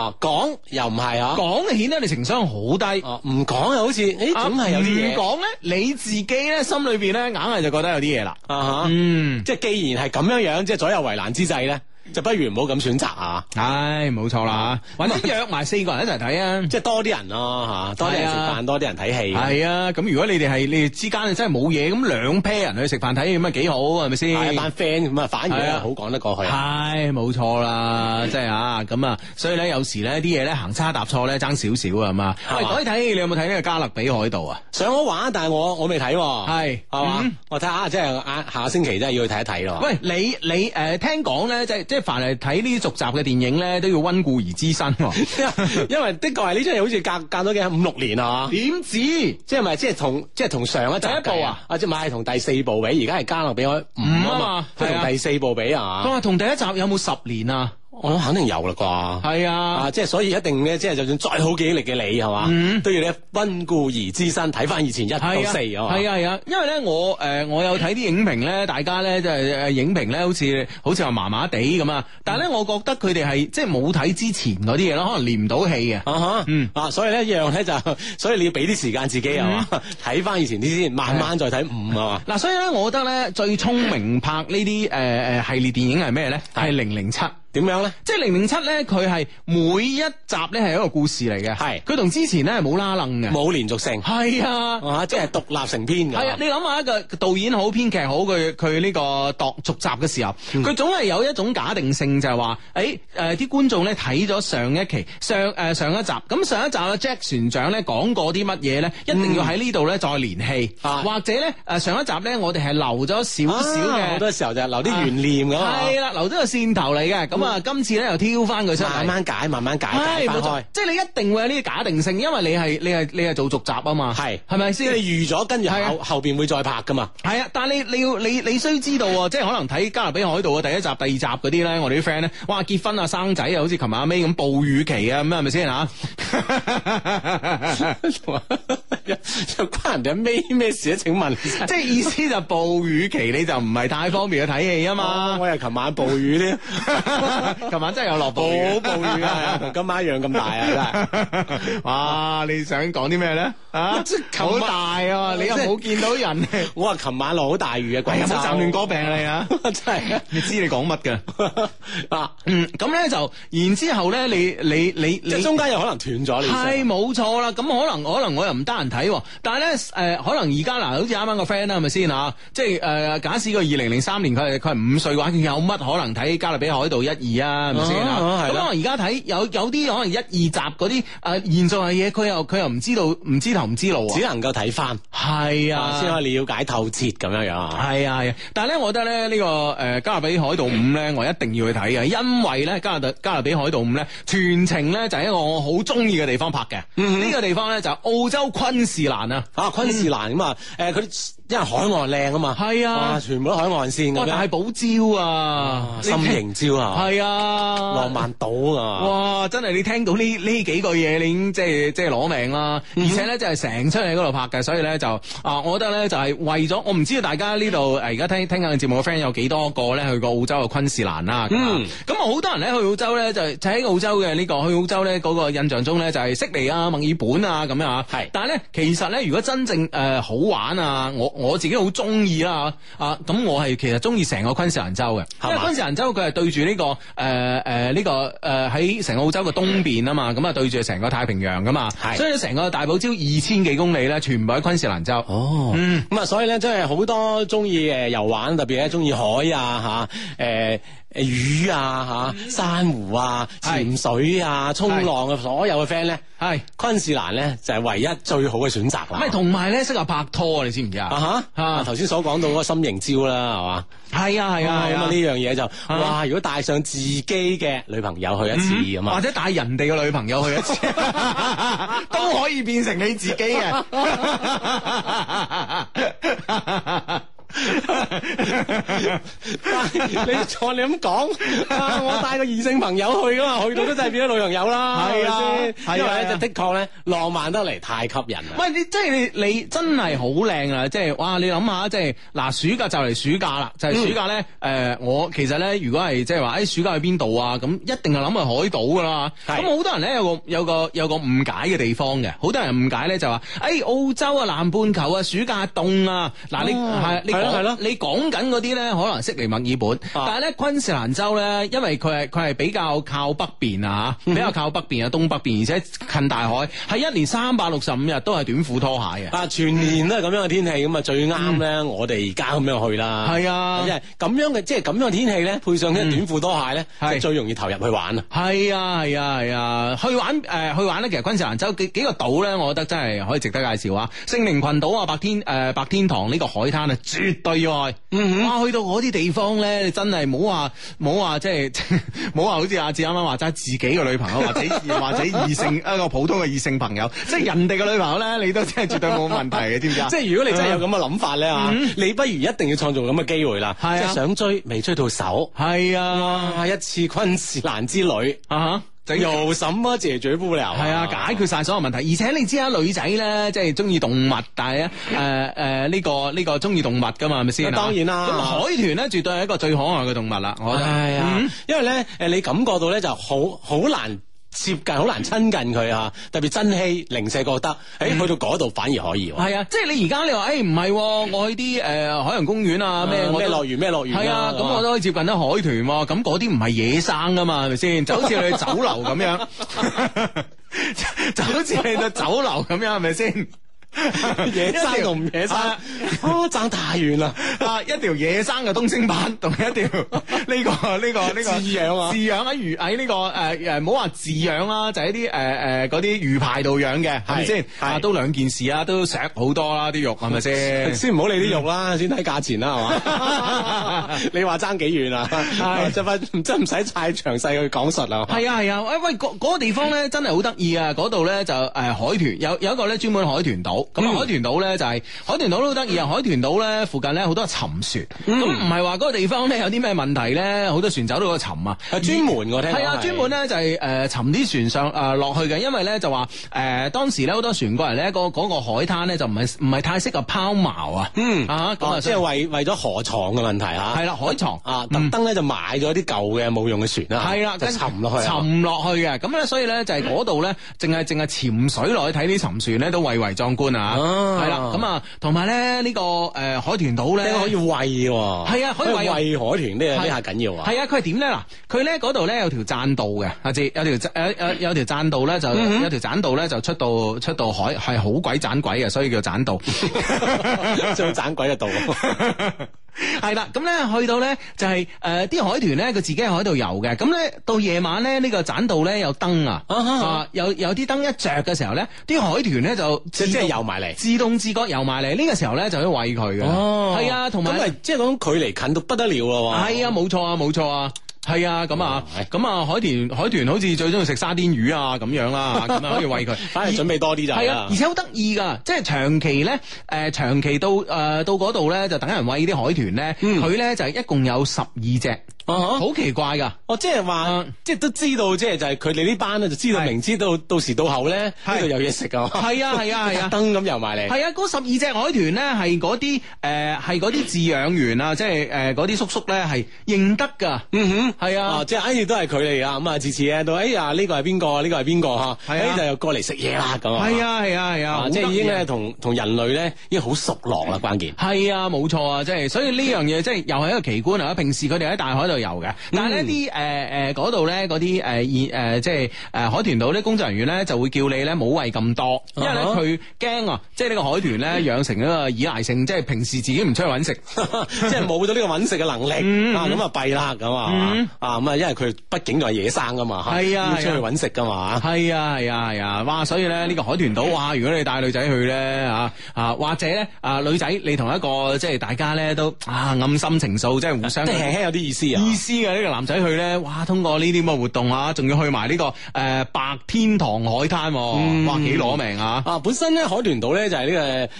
又啊，講又唔係啊，講顯得你情商好低，唔講又好似，誒、欸，總係有啲嘢。唔講咧、啊嗯，你自己咧，心裏邊咧，硬係就覺得有啲嘢啦，啊，吓，嗯，即係既然係咁樣樣，即係左右為難之際咧。就不如唔好咁選擇啊！唉，冇錯啦，揾啲約埋四個人一齊睇啊！即係多啲人咯，嚇，多啲人食飯，多啲人睇戲。係啊，咁如果你哋係你哋之間真係冇嘢，咁兩 pair 人去食飯睇咁啊幾好，係咪先？係一班 friend 咁啊，反而好講得過去。係冇錯啦，即係啊咁啊，所以咧有時呢啲嘢咧，行差踏錯咧，爭少少啊，係嘛？喂，可以睇，你有冇睇呢個加勒比海盜啊？上咗畫，但係我我未睇喎。係嘛？我睇下，即係下星期真係要去睇一睇咯。喂，你你誒聽講咧，即係即係。凡係睇呢啲續集嘅電影咧，都要温故而知新， [LAUGHS] [LAUGHS] [LAUGHS] 因為的確係呢出戲好似隔隔咗嘅五六年啊，點止？即係咪？即係同即係同上一集一部啊？啊，即係咪係同第四部比？而家係加落比我五、嗯、啊嘛、啊啊？係同第四部比啊？佢話、啊、同第一集有冇十年啊？我諗肯定有啦啩，係啊，即係所以一定咧，即係就算再好記憶力嘅你係嘛，都要咧溫故而知新，睇翻以前一到四啊，係啊，係啊，因為咧我誒我有睇啲影評咧，大家咧即係誒影評咧，好似好似話麻麻地咁啊，但係咧我覺得佢哋係即係冇睇之前嗰啲嘢咯，可能連唔到戲嘅，啊啊所以呢，一樣咧就，所以你要俾啲時間自己係嘛，睇翻以前啲先，慢慢再睇五啊。嗱，所以咧我覺得咧最聰明拍呢啲誒誒系列電影係咩咧？係零零七。點樣咧？即係零零七咧，佢係每一集咧係一個故事嚟嘅。係佢同之前咧係冇拉楞嘅，冇連續性。係啊，即係獨立成篇嘅。係啊，你諗下一個導演好，編劇好，佢佢呢個度續集嘅時候，佢、嗯、總係有一種假定性，就係話誒誒，啲、哎呃、觀眾咧睇咗上一期上誒、呃、上一集，咁上一集嘅 Jack 船長咧講過啲乜嘢咧，一定要喺呢度咧再連戲，嗯、或者咧誒上一集咧我哋係留咗少少嘅，好、啊、多時候就係留啲懸念咁。係啦、啊，留咗個線頭嚟嘅咁。啊咁啊，嗯、今次咧又挑翻佢出，慢慢解，慢慢解，唔是即係你一定會有呢啲假定性，因為你係你係你係做續集啊嘛，係係咪先？吧你預咗，跟住後、啊、後邊會再拍噶嘛？係啊，但係你你要你你需知道喎，即係可能睇《加勒比海盜》嘅第一集、第二集嗰啲咧，我哋啲 friend 咧，哇，結婚啊、生仔啊，好似琴晚阿 May 咁暴雨期啊，咁啊，係咪先啊？關人哋阿 May 咩事啊？請問，即係是 [LAUGHS] 意思就暴雨期你就唔係太方便去睇戲啊嘛、 [LAUGHS] 哦？我又琴晚暴雨添。 [LAUGHS] 琴 [LAUGHS] 晚真係有落暴雨，暴雨啊，同今晚一樣咁大啊，真係！哇，你想講啲咩咧？啊，好大啊！晚 [LAUGHS] 你又冇見到人？我話琴晚落好大雨啊！鬼有冇站亂歌病你，你 [LAUGHS] 啊？真、嗯、係，你知你講乜嘅？啊，咁咧就，然之後咧，你你你，你你 [LAUGHS] 即中間又可能斷咗。係冇錯啦，咁可能可能我又唔得人睇，但係咧，誒、呃，可能而家嗱，好似啱啱個 friend 啦，係咪先啊？即係誒、呃，假使個二零零三年，佢係佢係五歲嘅話，有乜可能睇加勒比海盜一？而啊，唔係啊，咁、嗯、我而家睇有有啲可能一二集嗰啲誒延續嘅嘢，佢又佢又唔知道，唔知頭唔知路、啊、只能夠睇翻，係啊的，先可以了解透徹咁樣樣啊，係啊，但係咧，我覺得咧呢、這個誒、呃、加勒比海盜五咧，我一定要去睇嘅，因為咧加勒加勒比海盜五咧全程咧就係、一個我我好中意嘅地方拍嘅，呢、嗯、哼個地方咧就係、澳洲昆士蘭啊，啊昆士蘭咁啊誒佢。呃因為海岸靚啊嘛，係啊，全部都海岸線咁樣，大堡礁啊，心形礁啊，係聽啊，啊浪漫島啊，哇！真係你聽到呢呢幾句嘢，你已經即係即係攞命啦。而且咧，嗯、就係成出戲嗰度拍嘅，所以咧就啊、呃，我覺得咧就係、是、為咗我唔知道大家呢度誒而家聽聽緊嘅節目嘅 friend 有幾多個咧去過澳洲嘅昆士蘭啦、啊。咁、嗯、啊好多人咧去澳洲咧就喺、是、澳洲嘅呢、這個去澳洲咧嗰個印象中咧就係悉尼啊、墨爾本啊咁樣啊。係是，但係咧其實咧如果真正誒、呃、好玩啊，我我自己好中意啦嚇，啊咁我係其實中意成個昆士蘭州嘅，嗎因為昆士蘭州佢係對住呢、這個誒誒呢個誒喺成個澳洲嘅東邊啊嘛，咁啊對住成個太平洋噶嘛，嗯、所以成個大堡礁二千幾公里咧，全部喺昆士蘭州。哦，嗯，咁啊，所以咧，即係好多中意誒遊玩，特別係中意海啊嚇，誒、啊。誒，魚啊吓，珊瑚啊，啊是潛水啊，衝浪嘅、啊、所有嘅 friend 咧，係昆是士蘭咧就係、是、唯一最好嘅選擇。咁啊，同埋咧適合拍拖啊，你知唔知啊？啊哈，頭先所講到嗰個心形礁啦，係嘛？係啊係啊，咁啊呢樣嘢就哇，如果帶上自己嘅女朋友去一次咁啊，或者帶人哋嘅女朋友去一次，都可以變成你自己嘅。 [LAUGHS] 你坐你咁講，我帶個異性朋友去噶嘛，去到都真係變咗女朋友啦。係啊，係啊，因為咧就的確咧，浪漫得嚟太吸引啦。唔係你即係你真係好靚啊！即係哇！你諗下即係嗱，暑假就嚟暑假啦，就係暑假咧。誒，我其實咧，如果係即係話，誒，暑假去邊度啊？咁一定係諗去海島噶啦。咁好多人咧，有個有個有個誤解嘅地方嘅，好多人誤解咧就話，誒，澳洲啊，南半球啊，暑假凍啊。嗱，你係你。係咯、哦，你講緊嗰啲咧，可能悉尼、墨爾本，啊、但係咧昆士蘭州咧，因為佢係佢係比較靠北邊啊，嗯、比較靠北邊啊，東北邊，而且近大海，係、嗯、一年三百六十五日都係短褲拖鞋嘅。啊、嗯，全年都係咁樣嘅天氣，咁啊最啱咧，嗯、我哋而家咁樣去啦。係啊，即係咁樣嘅，即係咁樣嘅天氣咧，配上啲短褲拖鞋咧，即係、嗯、是最容易投入去玩啊。係啊，係啊，係啊，啊，去玩誒，去玩咧，其實昆士蘭州幾幾個島咧，我覺得真係可以值得介紹啊。聖靈群島啊，白天誒，白天堂呢個海灘啊，對外，哇、嗯哼啊，去到嗰啲地方咧，你真係冇、就是、 [LAUGHS] 好話，唔好話，即係冇好話，好似阿志啱啱話齋自己嘅女朋友， [LAUGHS] 或者，或者異性一個普通嘅異性朋友， [LAUGHS] 即係人哋嘅女朋友咧，你都真係絕對冇問題嘅， [LAUGHS] 知唔知啊？即係如果你真係有咁嘅諗法咧，吓、嗯，你不如一定要創造咁嘅機會啦，即係、啊、想追未追到手，係啊，啊，一次昆士蘭之旅啊！Uh huh. 就什麼謝嘴不了？係 [LAUGHS] 啊，解決晒所有問題。而且你知啊，女仔咧，即係中意動物，但係咧，誒、呃、誒，呢、呃這個呢、這個中意動物噶嘛，係咪先啊？當然啦，咁海豚咧，絕對係一個最可愛嘅動物啦， [LAUGHS] 我覺得，係啊 [LAUGHS] 呀、嗯，因為咧，誒，你感覺到咧就好好難。接近好難親近佢啊，特別珍稀，零舍覺得，誒、欸，去到嗰度反而可以、啊。係啊，即係你而家你話，誒、欸，唔係、啊，我去啲誒、呃、海洋公園啊，咩咩樂園，咩樂園，係啊，咁、啊啊、吧我都可以接近得海豚、啊，咁嗰啲唔係野生㗎嘛，係咪先？就好似你酒樓咁樣， [LAUGHS] [LAUGHS] 就好似你到酒樓咁樣，係咪先？野生同唔野生啊！爭太遠啦！啊，一條野生嘅東星斑同一條呢個呢個呢個飼養啊飼養喺魚喺呢個誒誒，唔好話飼養啦，就係啲誒誒嗰啲魚排度養嘅係咪先？係都兩件事啊，都石好多啦啲肉係咪先？先唔好理啲肉啦，先睇價錢啦係嘛？你話爭幾遠啊？即係唔唔使太詳細去講述啊？係啊係啊！喂喂，嗰嗰個地方咧真係好得意啊！嗰度咧就誒海豚有有一個咧專門海豚島。咁海豚島咧就係海豚島都好得意啊！海豚島咧附近咧好多沉船，咁唔係話嗰個地方咧有啲咩問題咧？好多船走到個沉啊！專門我聽係啊，專門咧就係誒沉啲船上誒落去嘅，因為咧就話誒當時咧好多船過嚟咧個嗰個海灘咧就唔係唔係太適合拋錨啊！嗯啊，即係為為咗河床嘅問題吓，係啦，海床啊，特登咧就買咗啲舊嘅冇用嘅船啊。係啦，就沉落去，沉落去嘅，咁咧所以咧就係嗰度咧淨係淨係潛水落去睇啲沉船咧都蔚為壯觀。嗱，係啦、啊，咁啊、這個，同埋咧呢個誒海豚島咧，可以餵喎、啊，係啊，可以餵、啊、海豚，呢呢、啊、下緊要啊，係啊，佢係點咧？嗱，佢咧嗰度咧有條棧道嘅，阿志有條有有有條棧道咧，就有條棧道咧就出到出到海，係好鬼盞鬼嘅，所以叫棧道，有最盞鬼嘅道。 [LAUGHS] 係啦，咁咧 [LAUGHS] 去到咧就係、是、誒，啲、呃、海豚咧佢自己喺度游嘅，咁咧到夜晚咧呢、這個棧道咧有燈啊，啊有有啲燈一着嘅時候咧，啲海豚咧就即係游埋嚟，自動自覺游埋嚟，呢、這個時候咧就可以喂佢嘅，係、哦、啊，同埋即係嗰種距離近到不得了咯，係啊，冇錯啊，冇錯啊。係啊，咁啊，咁、嗯啊，嗯、啊，海豚海豚好似最中意食沙甸魚啊，咁樣啦、啊，咁 [LAUGHS] 啊可以喂佢， [LAUGHS] 反正準備多啲就係啦、啊。而且好得意噶，即係長期咧，誒、呃，長期到誒、呃、到嗰度咧，就等人喂啲海豚咧，佢咧、嗯、就係一共有十二隻。哦，好奇怪噶！我即係話，即係都知道，即係就係佢哋呢班咧，就知道明知道到時到後咧，呢度有嘢食噶。係啊，係啊，係啊，燈咁游埋嚟。係啊，嗰十二隻海豚咧，係嗰啲誒，係嗰啲飼養員啊，即係誒嗰啲叔叔咧，係認得噶。嗯哼，係啊，即係哎都係佢哋啊。咁啊，次次咧都，哎呀，呢個係邊個？呢個係邊個？嗬？哎，就又過嚟食嘢啦。咁啊，係啊，係啊，係啊，即係已經咧同同人類咧，已經好熟絡啦。關鍵係啊，冇錯啊，即係所以呢樣嘢，即係又係一個奇觀啊。平時佢哋喺大海。都有嘅，但係呢啲誒誒嗰度咧，嗰啲誒誒即係誒海豚島啲工作人員咧，就會叫你咧冇喂咁多，因為佢驚啊，即係呢個海豚咧養成一個依賴性，即係平時自己唔出去揾食，即係冇咗呢個揾食嘅能力啊，咁啊弊啦咁啊，啊咁啊，因為佢畢竟就係野生噶嘛，嚇，係啊， [MUSIC] 出去揾食噶嘛，係啊係啊係啊，哇！ [MUSIC] 所以咧呢、呢個海豚島啊，如果你帶女仔去咧啊啊，或者咧啊女仔你同一個即係、即係、大家咧都啊暗心情愫，即係互相，有啲意思啊！意思嘅、啊、呢、呢個男仔去咧，哇！通過呢啲咁嘅活動啊，仲要去埋呢、呢個誒、呃、白天堂海灘、啊嗯、哇！幾攞命啊！啊，本身咧海豚島咧就係、是、呢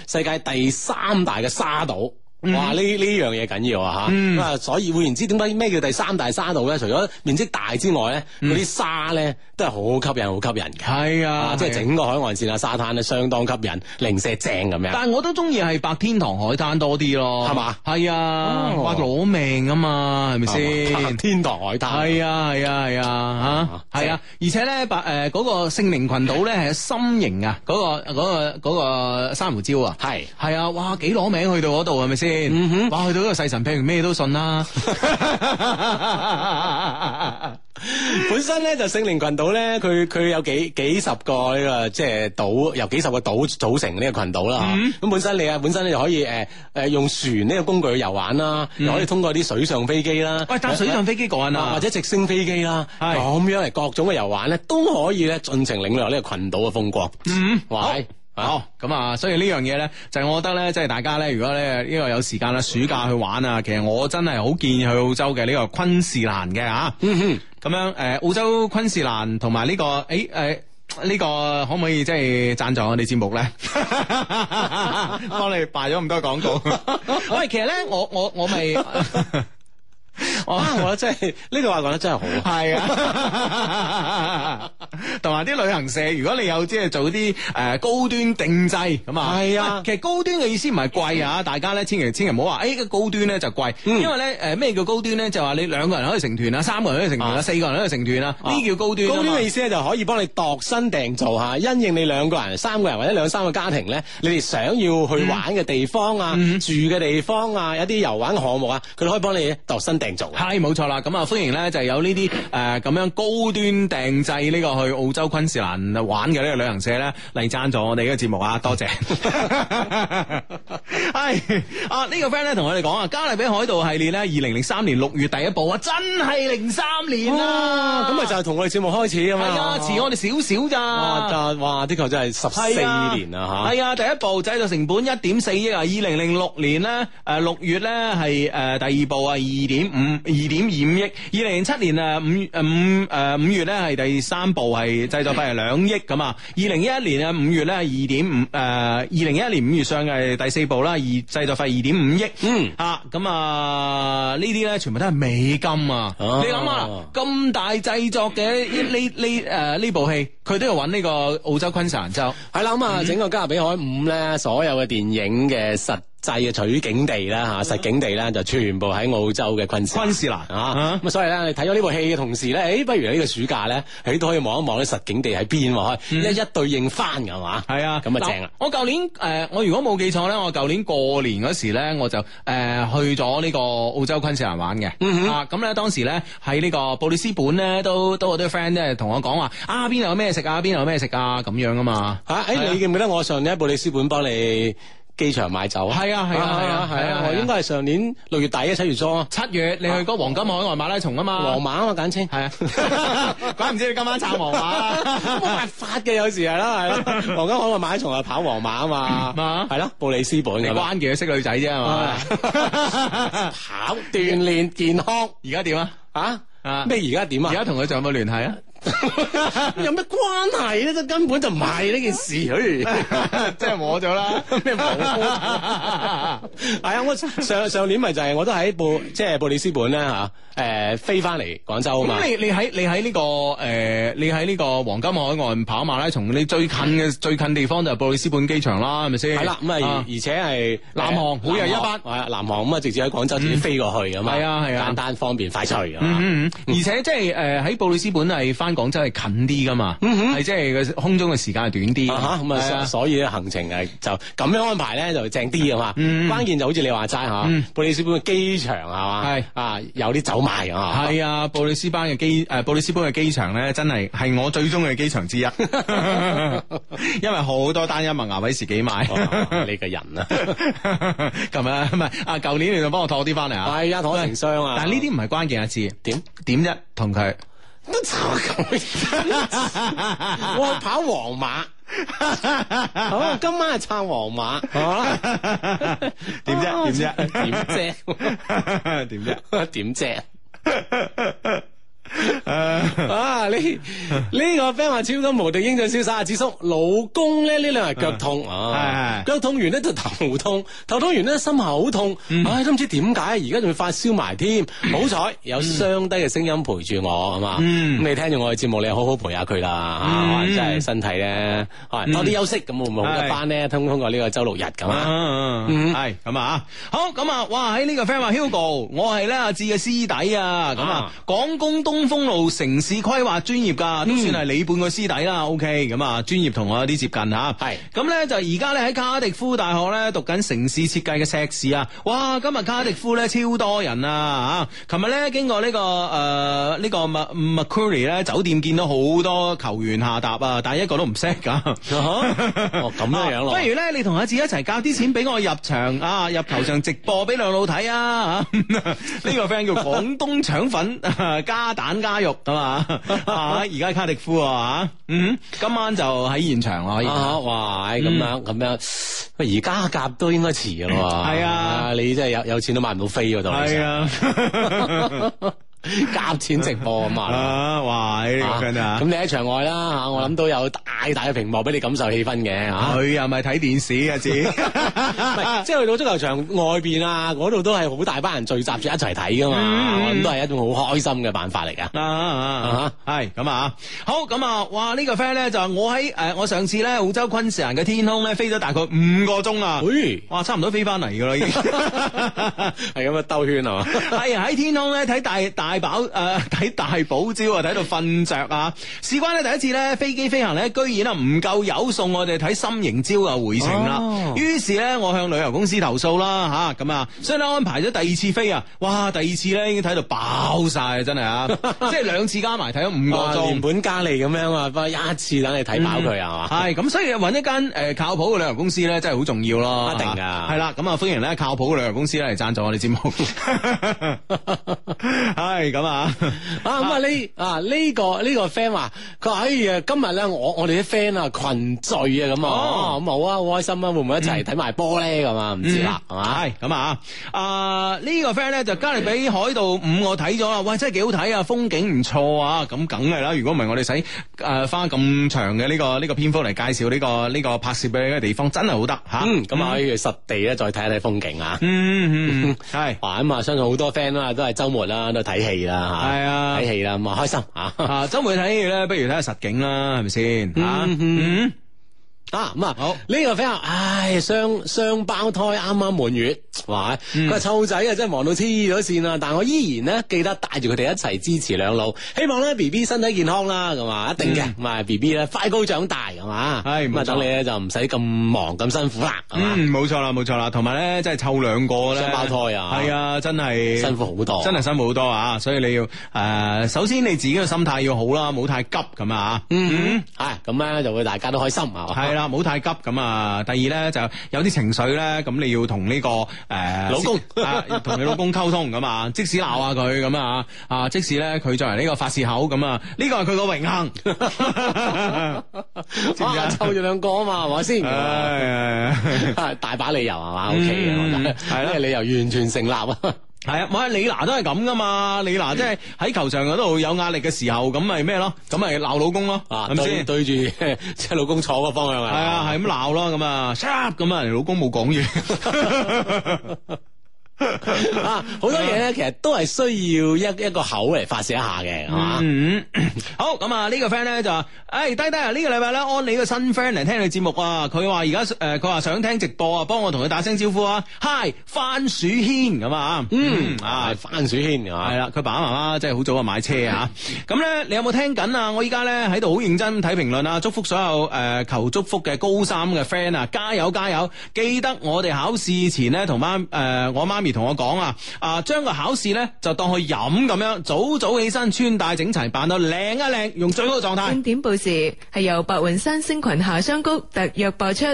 個世界第三大嘅沙島。哇！呢呢樣嘢緊要啊吓，啊，所以會然知點解咩叫第三大沙島咧？除咗面積大之外咧，嗰啲沙咧都係好吸引、好吸引嘅。係啊，即係整個海岸線啊，沙灘咧相當吸引，零舍正咁樣。但係我都中意係白天堂海灘多啲咯，係嘛？係啊，哇！攞命啊嘛，係咪先？白天堂海灘。係啊，係啊，係啊，吓，係啊，而且咧白誒嗰個聖靈群島咧係有心形啊，嗰個個個珊瑚礁啊，係係啊，哇！幾攞命去到嗰度係咪先？嗯哼，哇，去到呢個細神譬如咩都信啦。本身咧就聖靈群島咧，佢佢有幾幾十個呢個即係島，由幾十個島組成呢個群島啦。咁本身你啊，本身咧就可以誒誒、呃、用船呢個工具去遊玩啦，又可以通過啲水上飛機啦，喂、嗯，搭、啊、水上飛機過啊，或者直升飛機啦，咁樣嚟各種嘅遊玩咧，都可以咧盡情領略呢個群島嘅風光。嗯，好哇。嗯哦，咁啊，所以呢樣嘢咧，就係、是、我覺得咧，即、就、係、是、大家咧，如果咧呢、這個有時間啦，暑假去玩啊，其實我真係好建議去澳洲嘅呢、這個昆士蘭嘅啊，咁、嗯、哼樣誒、呃，澳洲昆士蘭同埋呢個誒誒，呢、哎呃這個可唔可以即係贊助我哋節目咧？幫你擺咗咁多廣告，喂， [LAUGHS] [LAUGHS] 其實咧，我我我未。我 [LAUGHS] [LAUGHS] 我覺得真係呢句話，覺得真係好。係啊，同埋啲旅行社，如果你有即係做啲誒高端定製，咁啊，係啊，其實高端嘅意思唔係貴啊，大家咧千祈千祈唔好話，誒個高端咧就貴，因為咧誒咩叫高端咧，就話你兩個人可以成團啊，三個人可以成團啊，四個人可以成團啊，呢叫高端。高端嘅意思咧就可以幫你度身訂造嚇，因應你兩個人、三個人或者兩三個家庭咧，你哋想要去玩嘅地方啊、住嘅地方啊、有啲遊玩嘅項目啊，佢都可以幫你度身訂造。係冇錯啦，咁啊歡迎咧就係、有呢啲誒咁樣高端訂製呢個去澳洲昆士蘭玩嘅呢個旅行社咧嚟贊助我哋呢個節目啊， [LAUGHS] 多謝。係啊呢個 friend 咧同我哋講啊，這個、加勒比海盜系列咧，二零零三年六月第一部啊，真係零三年啊。咁啊就係同我哋節目開始啊嘛，係哇啊，遲我哋少少咋，哇，哇，的確真係十四年啊。吓，啊，係啊，第一部製造成本一點四億啊，二零零六年呢，誒六月咧係誒第二部啊二點五，二點二五億，二零零七年誒五誒五誒五月咧係第三部係製作費係兩億，咁啊，二零一一年啊五月咧係二點五誒，二零一一年五月上嘅第四部啦，二製作費二點五億，嗯啊，咁啊呢啲咧全部都係美金啊，啊你諗下，咁大製作嘅呢呢誒呢部戲，佢都要揾呢個澳洲昆士蘭州，係啦，咁啊整個加勒比海五咧所有嘅電影嘅實。嗯制嘅取景地啦嚇，實景地啦就全部喺澳洲嘅昆士蘭，昆士蘭嚇。咁、啊、所以咧，你睇咗呢部戲嘅同時咧，誒、哎，不如呢個暑假咧，你都可以望一望呢實景地喺邊喎，一、嗯、一對應翻嘅嘛？係啊、嗯，咁啊正啊！我舊年誒、呃，我如果冇記錯咧，我舊年過年嗰時咧，我就誒、呃、去咗呢個澳洲昆士蘭玩嘅。嗯、哼啊，咁咧當時咧喺呢個布里斯本咧，都都好多 friend 咧同我講話啊，邊度有咩食啊，邊度有咩食啊，咁樣啊嘛。嚇、啊，誒、欸、你記唔記得我上年喺布里斯本幫你？嗯機場買酒啊？係啊係啊係啊係啊，應該係上年六月底啊七月初啊。七月你去過黃金海岸馬拉松啊嘛，黃馬啊嘛簡稱係啊。怪唔知你今晚拆黃馬，冇辦法嘅有時係啦係啦。黃金海岸馬拉松係跑黃馬啊嘛，係咯布里斯本嘅，關幾多識女仔啫係嘛。跑鍛煉健康，而家點啊？啊咩？而家點啊？而家同佢仲有冇聯繫啊？有咩關係咧？根本就唔係呢件事，即係摸咗啦！咩摸？係啊，我上上年咪就係我都喺部即係布里斯本咧吓，誒飛翻嚟廣州啊嘛。咁你你喺你喺呢個誒，你喺呢個黃金海岸跑馬拉松，你最近嘅最近地方就係布里斯本機場啦，係咪先？係啦，咁啊而且係南航，每日一班南航，咁啊直接喺廣州直接飛過去啊嘛。係啊係啊，簡單方便快脆啊，而且即係誒喺布里斯本係翻。廣州係近啲噶嘛，係即係個空中嘅時間係短啲，咁啊所以咧行程，係就咁樣安排咧就正啲噶嘛。關鍵就好似你話齋嗬，布里斯班嘅機場係嘛，係啊有啲走埋啊，係啊布里斯班嘅機誒布里斯班嘅機場咧真係係我最中意嘅機場之一，因為好多單一麥芽威士忌買你個人啊，咁啊唔係啊舊年你就幫我托啲翻嚟啊，係一拖成箱啊，但係呢啲唔係關鍵一次點點啫同佢。我跑皇馬，好，今晚係撐皇馬，點啫？點啫？點啫？點啫？誒，啊，呢呢個 friend 話超級無敵英俊瀟灑阿紫叔，老公咧呢兩日腳痛，腳痛完咧就頭痛，頭痛完咧心口痛，唉都唔知點解，而家仲會發燒埋添，好彩有雙低嘅聲音陪住我，咁嘛，你聽住我嘅節目，你好好陪下佢啦，吓，或者係身體咧，可能多啲休息，咁會唔會好一班咧通通過呢個周六日咁啊，係咁啊，好，咁啊，哇，喺呢個 friend 話 Hugo，我係咧阿志嘅師弟啊，咁啊，廣工東。中鋒路城市規劃專業噶，都算係你半個師弟啦。O K，咁啊，專業同我有啲接近吓。係咁咧，就而家咧喺卡迪夫大學咧讀緊城市設計嘅碩士啊。哇，今日卡迪夫咧超多人啊！吓，琴日咧經過呢、這個誒呢、呃這個 u r 庫里咧酒店，見到好多球員下榻啊，但係一個都唔識噶。咁、 [LAUGHS] [LAUGHS] 哦、樣樣咯。 [LAUGHS] 啊、不如咧，你同阿志一齊交啲錢俾我入場啊，入球場直播俾兩老睇啊。呢、啊這個 friend 叫廣東腸粉加大。粉家肉咁嘛！而家 [LAUGHS] 卡迪夫啊，嗯，今晚就喺現場可以啊！哇，咁樣咁樣，而家夾都應該遲咯，係、嗯、啊！你真係有有錢都買唔到飛度，係啊。夾錢直播咁啊！哇，呢個咁你喺場外啦吓，嗯、我諗到有大大嘅屏幕俾你感受氣氛嘅吓。佢又咪睇電視啊？只， [LAUGHS] [LAUGHS] 即係去到足球場外邊啊，嗰度都係好大班人聚集住一齊睇噶嘛，咁、嗯、都係一種好開心嘅辦法嚟噶！係咁啊，啊啊啊好咁啊，哇！這個、呢個 friend 咧就係、我喺誒、呃，我上次咧澳洲昆士蘭嘅天空咧飛咗大概五個鐘啊，誒、哎，哇，差唔多飛翻嚟噶啦已經，係咁樣兜圈啊嘛，係喺天空咧睇大大。大大飽誒，睇大寶招啊，睇到瞓着啊！事關呢，第一次咧飛機飛行咧，居然啊唔夠有送，我哋睇心形招啊回程啦。于、哦、是咧，我向旅遊公司投訴啦吓咁啊，所以咧安排咗第二次飛啊！哇，第二次咧已該睇到爆晒啊，真係 [LAUGHS] 啊！即係兩次加埋睇咗五個鐘，本加利咁樣啊！不一次等你睇飽佢啊，嘛？係咁，所以揾一間誒靠譜嘅旅遊公司咧，真係好重要咯。啊、一定噶係啦，咁啊歡迎咧靠譜嘅旅遊公司咧嚟贊助我哋節目。 [LAUGHS] [LAUGHS] 係咁啊！啊咁啊呢啊呢個呢個 friend 話佢話，哎呀今日咧，我我哋啲 friend 啊群聚啊，咁啊哦，好啊好開心啊，會唔會一齊睇埋波咧？咁啊唔知啦係嘛？係咁啊，啊呢個 friend 咧，就加利比海盜五我睇咗啦。喂，真係幾好睇啊，風景唔錯啊。咁梗係啦，如果唔係我哋使誒返咁長嘅呢個呢個篇幅嚟介紹呢個呢個拍攝嘅一個地方，真係好得吓。嗯，咁啊可以實地咧，再睇一睇風景啊。嗯嗯嗯係哇，咁啊相信好多 friend 啦都係周末啦都睇戲。戲啦吓，係啊睇戲啦咁啊嘛開心吓。 [LAUGHS] 周末睇戲咧，不如睇下實景啦，係咪先吓？嗯。啊嗯嗯啊咁啊好呢個 friend 唉雙雙胞胎啱啱滿月，話佢話湊仔啊真係忙到黐咗線啦，但我依然呢，記得帶住佢哋一齊支持兩老，希望咧 B B 身體健康啦，咁啊一定嘅。咁啊 B B 咧快高長大，係嘛，咁啊等你咧就唔使咁忙咁辛苦啦，冇錯啦冇錯啦，同埋咧真係湊兩個咧雙胞胎啊，係啊真係辛苦好多，真係辛苦好多啊，所以你要誒首先你自己嘅心態要好啦，唔好太急咁啊，嗯嗯，係咁咧就會大家都開心啊，係啦。啊！唔好太急咁啊。第二咧就有啲情緒咧，咁你要同呢、這個誒、呃、老公啊，同 [LAUGHS] 你老公溝通咁啊。即使鬧下佢咁啊，啊即使咧佢作為呢個發泄口咁啊，呢、這個係佢個榮幸，抽 [LAUGHS] 咗、 [LAUGHS] 啊、兩個啊嘛，係咪先？ [LAUGHS] 大把理由係嘛？O K 嘅，係呢個理由完全成立啊！吧 [LAUGHS] 係啊，我李娜都係咁噶嘛，李娜即係喺球場嗰度有壓力嘅時候，咁咪咩咯？咁咪鬧老公咯，咁先？對住即係老公坐個方向係啊，係咁鬧咯，咁、就、啊、是，插咁啊，老公冇講嘢。 [LAUGHS] [LAUGHS] 啊，好多嘢咧，其實都係需要一一個口嚟發洩一下嘅，係嘛、嗯嗯？ [COUGHS] 好，咁啊呢、欸呃呃這個 friend 咧就話，誒，滴滴啊，呢個禮拜咧，安你個新 friend 嚟聽你節目啊，佢話而家誒，佢、呃、話想聽直播啊，幫我同佢打聲招呼啊，Hi 番薯軒咁啊，嗯、啊，番薯軒係啦，佢、啊、爸爸媽媽真係好早啊買車啊，咁咧，你有冇聽緊啊？我依家咧喺度好認真睇評論啊，祝福所有誒、呃、求祝福嘅高三嘅 friend 啊，加油加油！記得我哋考試前呢，同媽誒我媽咪。同我講啊！啊，將個考試呢就當去飲咁樣，早早起身，穿戴整齊，扮到靚一靚，用最高嘅狀態。經典布事係由白雲山星群夏桑菊特約播出。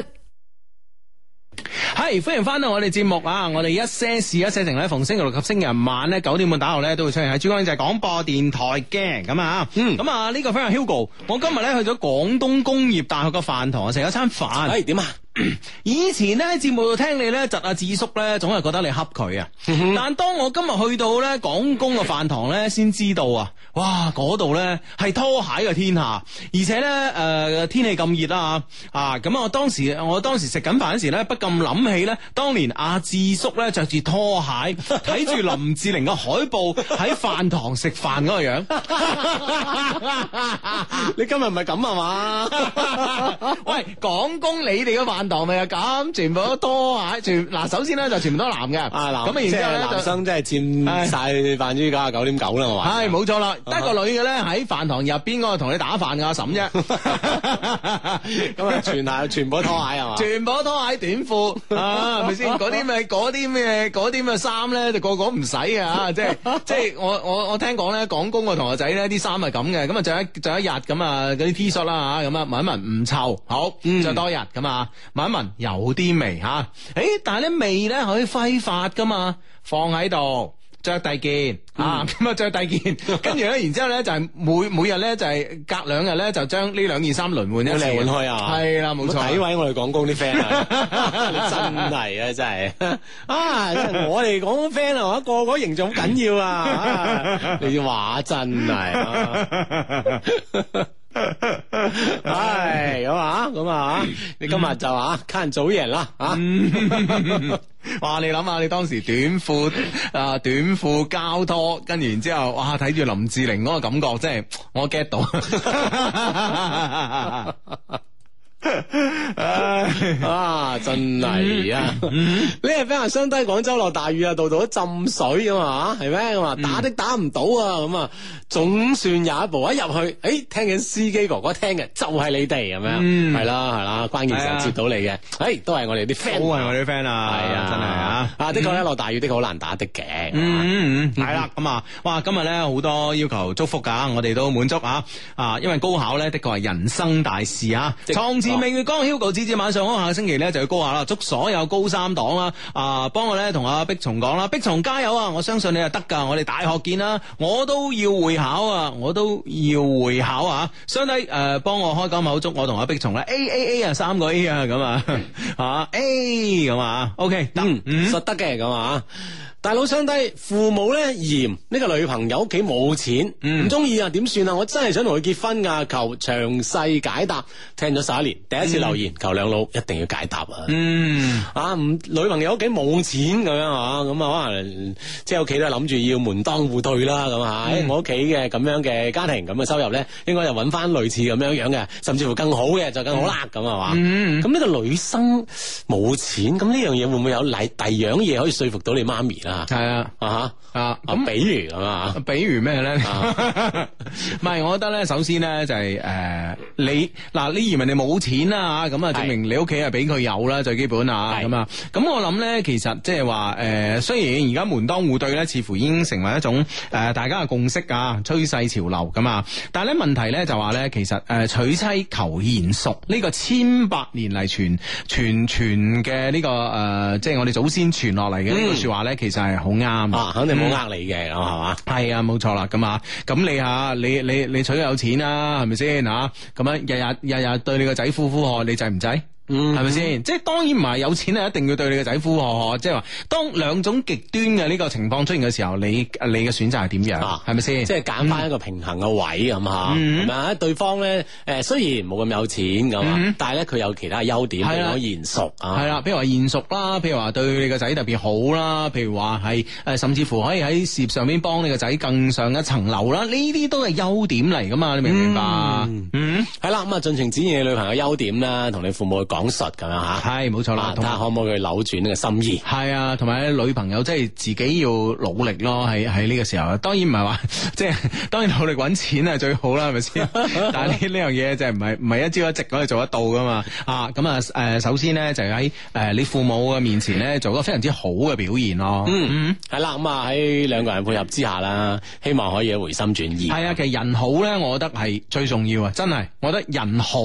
係、hey, 歡迎翻到我哋節目啊！我哋一些事，一些情咧，逢星期六及星,星期日晚呢，九點半打後呢都會出現喺珠江經濟廣播電台嘅咁啊！嗯，咁啊呢、這個 friend Hugo，我今日呢去咗廣東工業大學個飯堂食咗餐飯，係點、hey, 啊？以前咧喺節目度聽你咧窒阿智叔咧，總係覺得你恰佢啊。嗯、哼但當我今日去到咧廣工嘅飯堂咧，先知道啊！哇，嗰度咧係拖鞋嘅天下，而且咧誒、呃、天氣咁熱啦啊！咁啊，我當時我當時食緊飯嗰時咧，不禁諗起咧當年阿智叔咧着住拖鞋睇住林志玲嘅海報喺飯堂食飯嗰個樣。 [LAUGHS] [LAUGHS] 你今日唔係咁啊嘛？ [LAUGHS] 喂，廣工你哋嘅飯。當你咁全部都拖鞋，全嗱首先咧就全部都男嘅，咁然之後男生真係佔晒百分之九啊九點九啦，係嘛？係冇錯啦，得個女嘅咧喺飯堂入邊，個同你打飯個阿嬸啫。咁啊，全下全部拖鞋係嘛？全部拖鞋短褲啊，咪先？嗰啲咪嗰啲咩？嗰啲咩衫咧就個個唔使啊！即係即係我我我聽講咧，廣工嘅同學仔咧啲衫係咁嘅，咁啊就一就一日咁啊嗰啲 T 恤啦啊咁啊聞一聞唔臭，好着多日咁啊。聞一聞，有啲味吓，誒、啊欸，但係咧味咧可以揮發㗎嘛，放喺度，着第件啊，咁啊着第件， [LAUGHS] 跟住咧，然之後咧就係、是、每每日咧就係、是、隔兩日咧就將呢兩件衫輪換一嚟換開啊，係啦、啊，冇錯，位我哋廣工啲 friend，真係啊，真係、啊，啊，我哋廣工 friend 啊，我個個形象好緊要啊，啊你要話真係、啊。啊 [LAUGHS] [LAUGHS] 唉，咁啊，咁啊，你今日就啊，趁早贏啦，啊！ [LAUGHS] [LAUGHS] 哇，你諗下，你當時短褲啊，短褲膠拖，跟住然之後，哇，睇住林志玲嗰個感覺，真係我 get 到。 [LAUGHS] [LAUGHS] 啊， [LAUGHS] 真係啊！呢日翻下相低，廣州落大雨啊，度度都浸水啊嘛，係咩咁啊？打的打唔到啊，咁啊，總算有一步一入去，誒，聽緊司機哥哥聽嘅，就係、是、你哋咁樣，係啦係啦，關鍵時候接到你嘅，誒、嗯哎，都係我哋啲 friend 啊，我啲 friend 啊，係啊、嗯，真係啊，啊，的確咧落大雨的好難打的嘅，嗯嗯嗯，係啦，咁啊，哇，今日咧好多要求祝福噶，我哋都滿足啊，啊，因為高考咧的確係人生大事啊，即明月光，Hugo 姊姊晚上好，下個星期咧就要高考啦，祝所有高三黨啦，啊、呃，幫我咧同阿碧松講啦，碧松加油啊，我相信你啊得噶，我哋大學見啦，我都要會考啊，我都要會考啊，兄弟誒，幫、呃、我開金口祝我同阿碧松啦，A A A 啊，三個 A、嗯、啊，咁啊吓，A 咁啊，OK，得實得嘅咁啊。大佬相低，父母咧嫌呢個女朋友屋企冇錢，唔中意啊，點算啊？我真係想同佢結婚啊，求詳細解答。聽咗十一年，第一次留言，求兩老一定要解答啊！嗯，啊，唔女朋友屋企冇錢咁樣啊，咁啊可能即係屋企都係諗住要門當戶對啦，咁吓，我屋企嘅咁樣嘅家庭咁嘅收入咧，應該就揾翻類似咁樣樣嘅，甚至乎更好嘅就更好啦，咁啊嘛。咁呢個女生冇錢，咁呢樣嘢會唔會有第二樣嘢可以說服到你媽咪啦？係啊，uh huh. 啊吓啊咁，比如啊比如咩咧？唔係、uh huh. 視乎，我覺得咧，首先咧就係、是、誒、呃，你嗱，呢、呃、移民你冇錢啊吓，咁啊，證明你屋企係俾佢有啦，最基本啊咁啊。咁乎、嗯、我諗咧，其實即係話誒，雖然而家門當戶對咧，似乎已經成為一種誒大家嘅共識啊，趨勢潮流咁啊，但係咧問題咧就、呃這個這個呃、話咧其實、啊，其實誒娶妻求賢淑呢個千百年嚟傳傳傳嘅呢個誒，即係我哋祖先傳落嚟嘅呢句說話咧，其實。係好啱啊！肯定冇呃你嘅，係嘛？係啊，冇錯啦，咁啊，咁你吓你你你娶個有錢啊，係咪先吓？咁樣日日日日對你個仔呼呼喝，你制唔制？嗯，係咪先？即係當然唔係有錢啊，一定要對你個仔呼喝，即係話當兩種極端嘅呢個情況出現嘅時候，你你嘅選擇係點樣？係咪先？是是即係揀翻一個平衡嘅位咁吓，係咪啊、嗯？對方咧誒，雖然冇咁有，有錢咁，嗯、但係咧佢有其他優點，譬如講賢淑啊，係啦、啊，譬、啊、如話賢淑啦，譬如話對你個仔特別好啦，譬如話係誒，甚至乎可以喺事業上面幫你個仔更上一層樓啦，呢啲都係優點嚟噶嘛？你明唔明白嗯？嗯，係啦，咁啊，盡情展現你女朋友優點啦，同你父母講述咁樣吓，係冇錯啦。睇下有可唔可以扭轉呢個心意，係啊，同埋女朋友即係、就是、自己要努力咯。喺喺呢個時候，當然唔係話即係當然努力揾錢係最好啦，係咪先？ [LAUGHS] 但係呢呢樣嘢，即係唔係唔係一朝一夕可以做得到噶嘛？啊，咁啊，誒、呃，首先咧就係喺誒你父母嘅面前咧做個非常之好嘅表現咯。嗯，係啦，咁啊喺兩個人配合之下啦，希望可以回心轉意。係啊，其實人好咧，我覺得係最重要啊，真係，我覺得人好。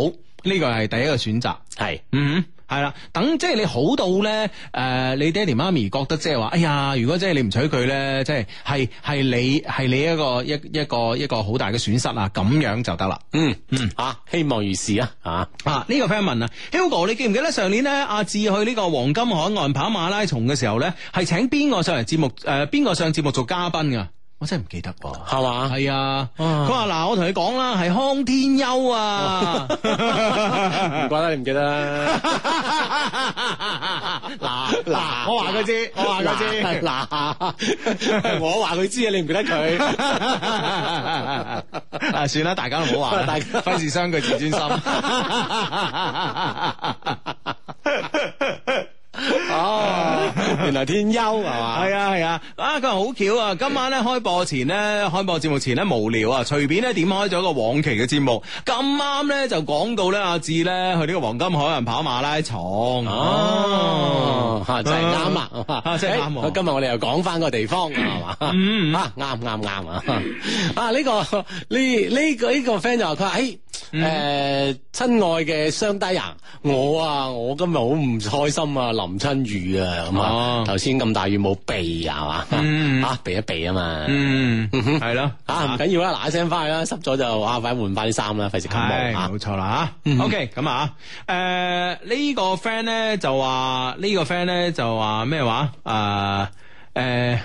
呢個係第一個選擇，係是，嗯，係啦，等即係你好到咧，誒、呃，你爹哋媽咪覺得即係話，哎呀，如果即係你唔娶佢咧，即係係係你係你一個一一個一個好大嘅損失啊，咁樣就得啦、嗯，嗯嗯，啊，希望如是啊，啊，啊，呢、這個 friend 問啊，Hugo，你記唔記得上年咧，阿志去呢個黃金海岸跑馬拉松嘅時候咧，係請邊個上嚟節目，誒、呃，邊個上節目做嘉賓㗎？我真係唔記得噃，係嘛？係啊！佢話：嗱，我同你講啦，係康天庥啊！唔怪得你唔記得啦。嗱嗱，我話佢知，我話佢知，嗱我話佢知啊！你唔記得佢？啊，算啦，大家都唔好話啦，費事傷佢自尊心。原來天優係嘛？係啊係啊！啊，佢話好巧啊！今晚咧開播前咧，開播節目前咧無聊啊，隨便咧點開咗個往期嘅節目，咁啱咧就講到咧阿志咧去呢個黃金海岸跑馬拉松哦，真係啱啊，吓真係啱！今日我哋又講翻個地方係嘛，嗯啊，啱啱啱啊！啊呢個呢呢個呢個 friend 就話佢話，嘿。誒，親、嗯、愛嘅雙低人，我啊，我今日好唔開心啊，淋親雨啊，咁啊，頭先咁大雨冇避、嗯、啊嘛，吓避一避啊嘛，嗯哼，係咯的，吓唔緊要、哎啊、啦，嗱一聲翻去啦，濕咗就哇，快換翻啲衫啦，費事感冒，冇錯啦，吓，OK，咁啊，誒，呢、呃這個 friend 咧就話，呢、這個 friend 咧就話咩話，誒、呃，誒、呃。呃呃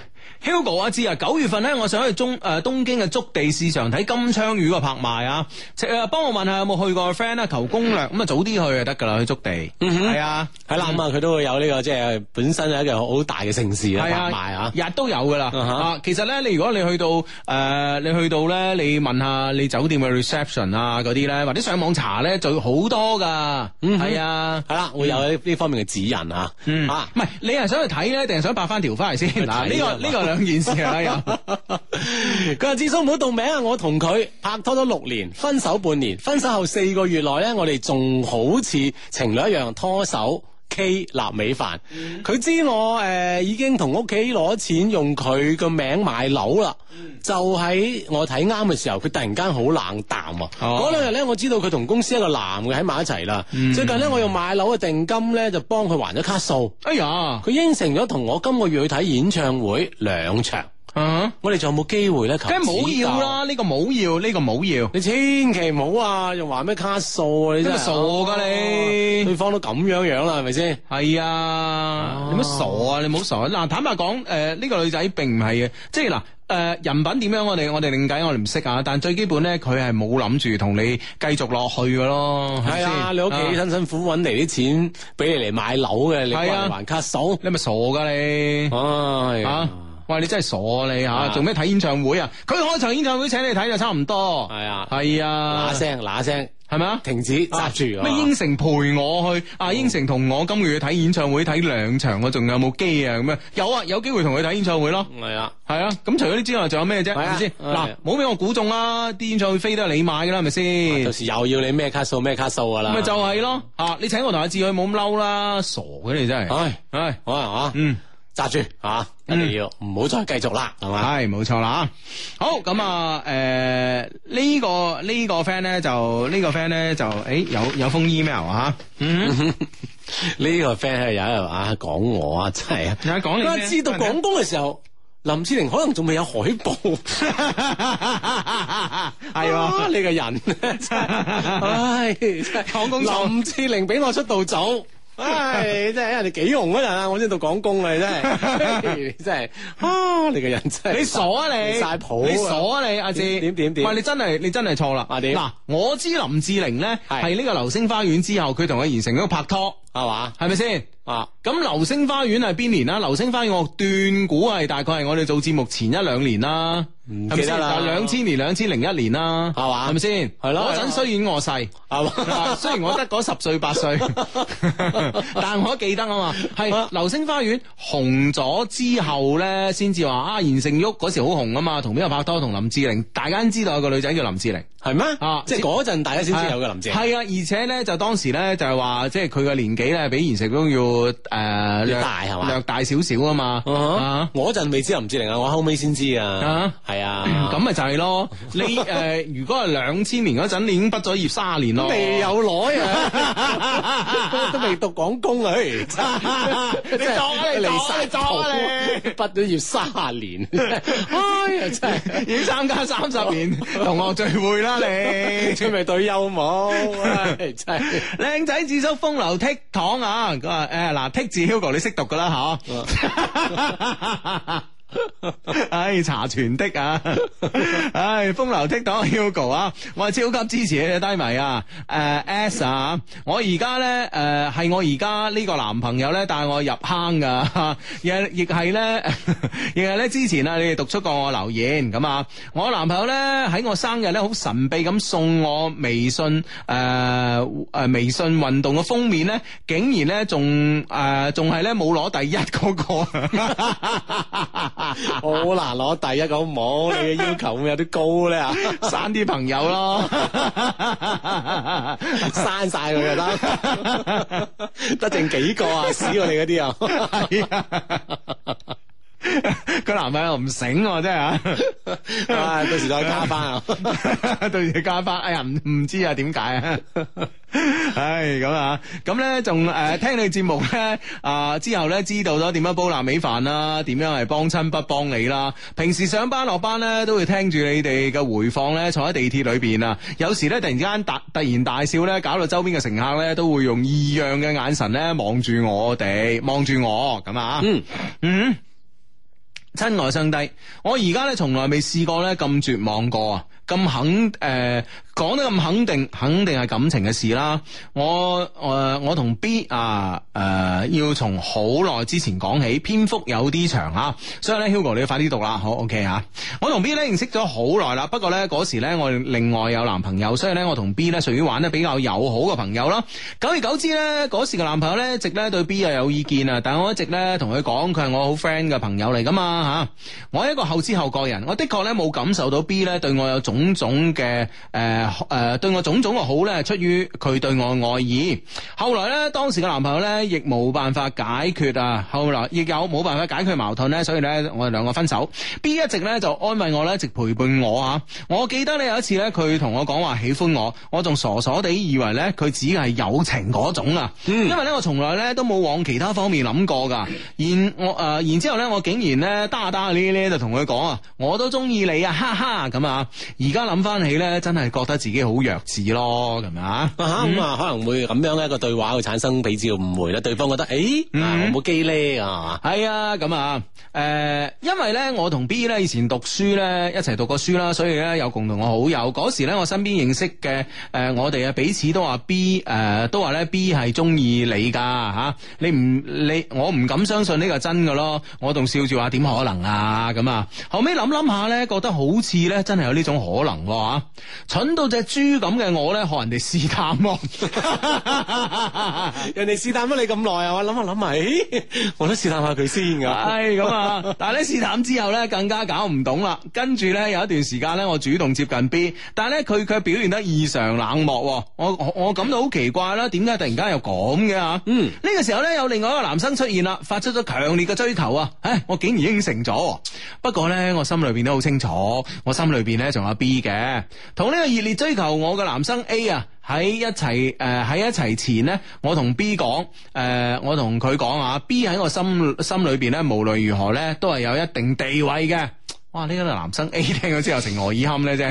Hugo 啊，知啊！九月份咧，我想去中誒東京嘅築地市場睇金槍魚嘅拍賣啊！請幫我問下有冇去過 friend 啊，求攻略咁啊，早啲去就得噶啦！去築地係啊，係啦，咁啊，佢都會有呢個即係本身係一個好大嘅城市啊，拍賣啊，日都有噶啦。其實咧，你如果你去到誒，你去到咧，你問下你酒店嘅 reception 啊，嗰啲咧，或者上網查咧，就好多噶。嗯，係啊，係啦，會有呢方面嘅指引啊。啊，唔係你係想去睇咧，定係想拍翻條翻嚟先？嗱，呢個呢個。件事啊！佢話： [LAUGHS] [LAUGHS] 「智叔，唔好道名啊！」我同佢拍拖咗六年，分手半年，分手後四個月內咧，我哋仲好似情侶一樣拖手。K 臘味飯，佢、嗯、知我誒、呃、已經同屋企攞錢用佢個名買樓啦，嗯、就喺我睇啱嘅時候，佢突然間好冷淡啊！嗰兩日咧，我知道佢同公司一個男嘅喺埋一齊啦。嗯、最近咧，我用買樓嘅定金咧就幫佢還咗卡數。哎呀，佢應承咗同我今個月去睇演唱會兩場。啊！我哋仲有冇機會咧？梗係冇要啦！呢個冇要，呢個冇要。你千祈唔好啊！又還咩卡數？你真係傻噶你！對方都咁樣樣啦，係咪先？係啊！有乜傻啊？你唔好傻！嗱，坦白講，誒，呢個女仔並唔係嘅，即係嗱，誒，人品點樣？我哋我哋另計，我哋唔識啊。但最基本咧，佢係冇諗住同你繼續落去嘅咯。係啊，你屋企辛辛苦揾嚟啲錢俾你嚟買樓嘅，你話還卡數？你係咪傻噶你？啊！喂，你真係傻你啊，做咩睇演唱會啊？佢開場演唱會請你睇就差唔多。係啊，係啊，嗱聲嗱聲，係咪啊？停止，閘住。咩啊，應承陪我去啊，應承同我今月睇演唱會睇兩場，我仲有冇機啊？咁啊，有啊，有機會同佢睇演唱會咯。係啊，係啊。咁除咗呢之外，仲有咩啫？係咪先？嗱，唔好俾我估中啦！啲演唱會飛都係你買噶啦，係咪先？到時又要你咩卡數咩卡數噶啦？咪就係咯吓，你請我同阿志去冇咁嬲啦，傻嘅你真係。唉好啊，嗯。揸住啊！嗯、一定要唔好再繼續啦，係嘛？係冇錯啦，好咁啊！誒、呃，這個這個、呢、這個呢個 friend 咧就呢個 friend 咧就誒有有封 email 啊，嗯，呢 [LAUGHS] 個 friend 有喺度啊講我啊真係，又講，我知道廣東嘅時候，欸、林志玲可能仲未有海報，係 [LAUGHS] 喎 [LAUGHS] [LAUGHS] exactly、 [LAUGHS] 啊，你個人、 [LAUGHS] [LAUGHS] 哎、真係，廣東林志玲比我出道早。唉， [LAUGHS] 哎、你真係人哋幾紅嗰人啊！我先度講工啊，你真係、 [LAUGHS] 哎，你真係，啊，你個人真係，你傻啊你，晒譜、啊， [LAUGHS] 你傻啊你，阿志，點點點，喂，你真係，你真係錯啦，阿點、啊，嗱，我知林志玲咧係呢是個流星花園之後佢同佢言承旭拍拖，係嘛吧，係咪先？ [LAUGHS] 啊！咁流星花園係邊年啊？流星花園我斷估係大概係我哋做節目前一兩年啦，唔記得啦，兩千年、兩千零一年啦，係嘛？係咪先？係咯。嗰陣雖然我細，係雖然我得嗰十歲八歲，但我記得啊嘛。係流星花園紅咗之後咧，先至話啊言承旭嗰時好紅啊嘛，同邊個拍拖？同林志玲，大家知道有個女仔叫林志玲，係咩？啊，即係嗰陣大家先知有嘅林志玲。係啊，而且咧就當時咧就係話，即係佢嘅年紀咧比言承旭要。誒，略、呃、大係勞吧嘛，略大少少啊嘛。我嗰陣未知林志玲啊，我後尾先知啊。係啊，咁咪、啊嗯、就係咯。你誒、呃，如果係兩千年嗰陣，你已經畢咗業三年咯，未 [LAUGHS] 有耐來啊， [LAUGHS] 都未讀廣工啊。 [LAUGHS] 你做啊你做啊你啊你，畢咗、 [LAUGHS] [LAUGHS] 哎、 [LAUGHS] 要三年。唉，真係要參加三十年同學聚會啦，你準備退休冇？真 [LAUGHS] 係、啊，靚 [LAUGHS] 仔 [LAUGHS] 自收風流倜儻啊！佢話誒。啊啊啊啊！嗱、啊，剔字 Hugo，你識讀噶啦，吓？唉、 [LAUGHS] 哎，查全的啊！唉、 [LAUGHS] 哎，風流倜儻 Hugo 啊，我係超級支持你嘅低迷啊！誒、呃、S 啊，我而家咧誒係我而家呢個男朋友咧帶我入坑噶，亦亦係咧，亦係咧之前啊，你哋讀出過我留言咁啊！我男朋友咧喺我生日咧好神秘咁送我微信誒誒、呃、微信運動嘅封面咧，竟然咧仲誒仲係咧冇攞第一嗰個個。 [LAUGHS] [LAUGHS] 啊，好難攞第一個，咁摸， [LAUGHS] 你嘅要求會有啲高咧，啊，刪啲朋友咯，刪晒佢就得，得 [LAUGHS] 剩幾個啊？屎我哋嗰啲啊！ [LAUGHS] [LAUGHS] 個 [LAUGHS] 男朋友唔醒真、啊、係 [LAUGHS] 啊！到時再加班啊！ [LAUGHS] [LAUGHS] 到時再加班哎呀，唔唔知啊，點解啊？唉 [LAUGHS] 、哎，咁啊，咁咧仲誒，聽你節目咧啊，之後咧知道咗點樣煲南美飯啦、啊，點樣係幫親不幫你啦。平時上班落班咧，都會聽住你哋嘅回放咧，坐喺地鐵裏邊啊。有時咧，突然之間大突然大笑咧，搞到周邊嘅乘客咧，都會用異樣嘅眼神咧望住我哋，望住我咁啊！嗯嗯。親愛上帝，我而家咧從來未試過咧咁絕望過啊！咁肯誒講、呃、得咁肯定，肯定係感情嘅事啦。我誒我同 B 啊誒、呃、要從好耐之前講起，篇幅有啲長吓，所以咧 Hugo 你要快啲讀啦，好 OK 吓、啊，我同 B 咧認識咗好耐啦，不過咧嗰時咧我另外有男朋友，所以咧我同 B 咧屬於玩得比較友好嘅朋友啦，久而久之咧，嗰時嘅男朋友咧直咧對 B 又有意見啊，但係我一直咧同佢講佢係我好 friend 嘅朋友嚟噶嘛吓、啊，我係一個後知後覺人，我的確咧冇感受到 B 咧對我有重。種種嘅誒誒對我種種嘅好呢，出於佢對我嘅愛意。後來呢，當時嘅男朋友呢，亦冇辦法解決啊，後來亦有冇辦法解決矛盾呢？所以呢，我哋兩個分手。B 一直呢，就安慰我呢，一直陪伴我啊。我記得呢，有一次呢，佢同我講話喜歡我，我仲傻傻地以為呢，佢只係友情嗰種啊。因為呢，我從來呢都冇往其他方面諗過噶。然我誒，然之後呢我竟然呢，嗒嗒呢呢就同佢講啊，我都中意你啊，哈哈咁啊。而家諗翻起咧，真係覺得自己好弱智咯，咁、嗯、咪啊？吓咁啊，可能會咁樣一個對話，會產生彼此誤會咧。對方覺得誒，欸嗯哎、有冇機咧啊？係啊，咁啊，誒、呃，因為咧，我同 B 咧以前讀書咧一齊讀過書啦，所以咧有共同嘅好友。嗰時咧、呃，我身邊認識嘅誒，我哋啊彼此都話 B 誒、呃，都話咧 B 係中意你噶吓、啊。你唔你我唔敢相信呢個真噶咯。我仲笑住話點可能啊？咁啊，後尾諗諗下咧，覺得好似咧真係有呢種可。可能喎嚇，蠢到隻豬咁嘅我咧，學人哋試探咯。 [LAUGHS] [LAUGHS] 人哋試探咗你咁耐 [LAUGHS] 啊，我諗下諗下，誒，我都試探下佢先噶。係咁啊。但係咧，試探之後咧，更加搞唔懂啦。跟住咧，有一段時間咧，我主動接近 B，但係咧，佢卻表現得異常冷漠。我我，我感到好奇怪啦，點解突然間又咁嘅啊？嗯。呢個時候咧，有另外一個男生出現啦，發出咗強烈嘅追求啊。唉，哎，我竟然應承咗。不過咧，我心裏邊都好清楚，我心裏邊咧仲有 B。B 嘅同呢個熱烈追求我嘅男生 A 啊，喺、呃、一齊誒，喺一齊前呢，我同 B 講誒、呃，我同佢講啊，B 喺我心心裏邊咧，無論如何咧，都係有一定地位嘅。哇！呢個男生 A 聽咗之後，情何以堪咧？啫，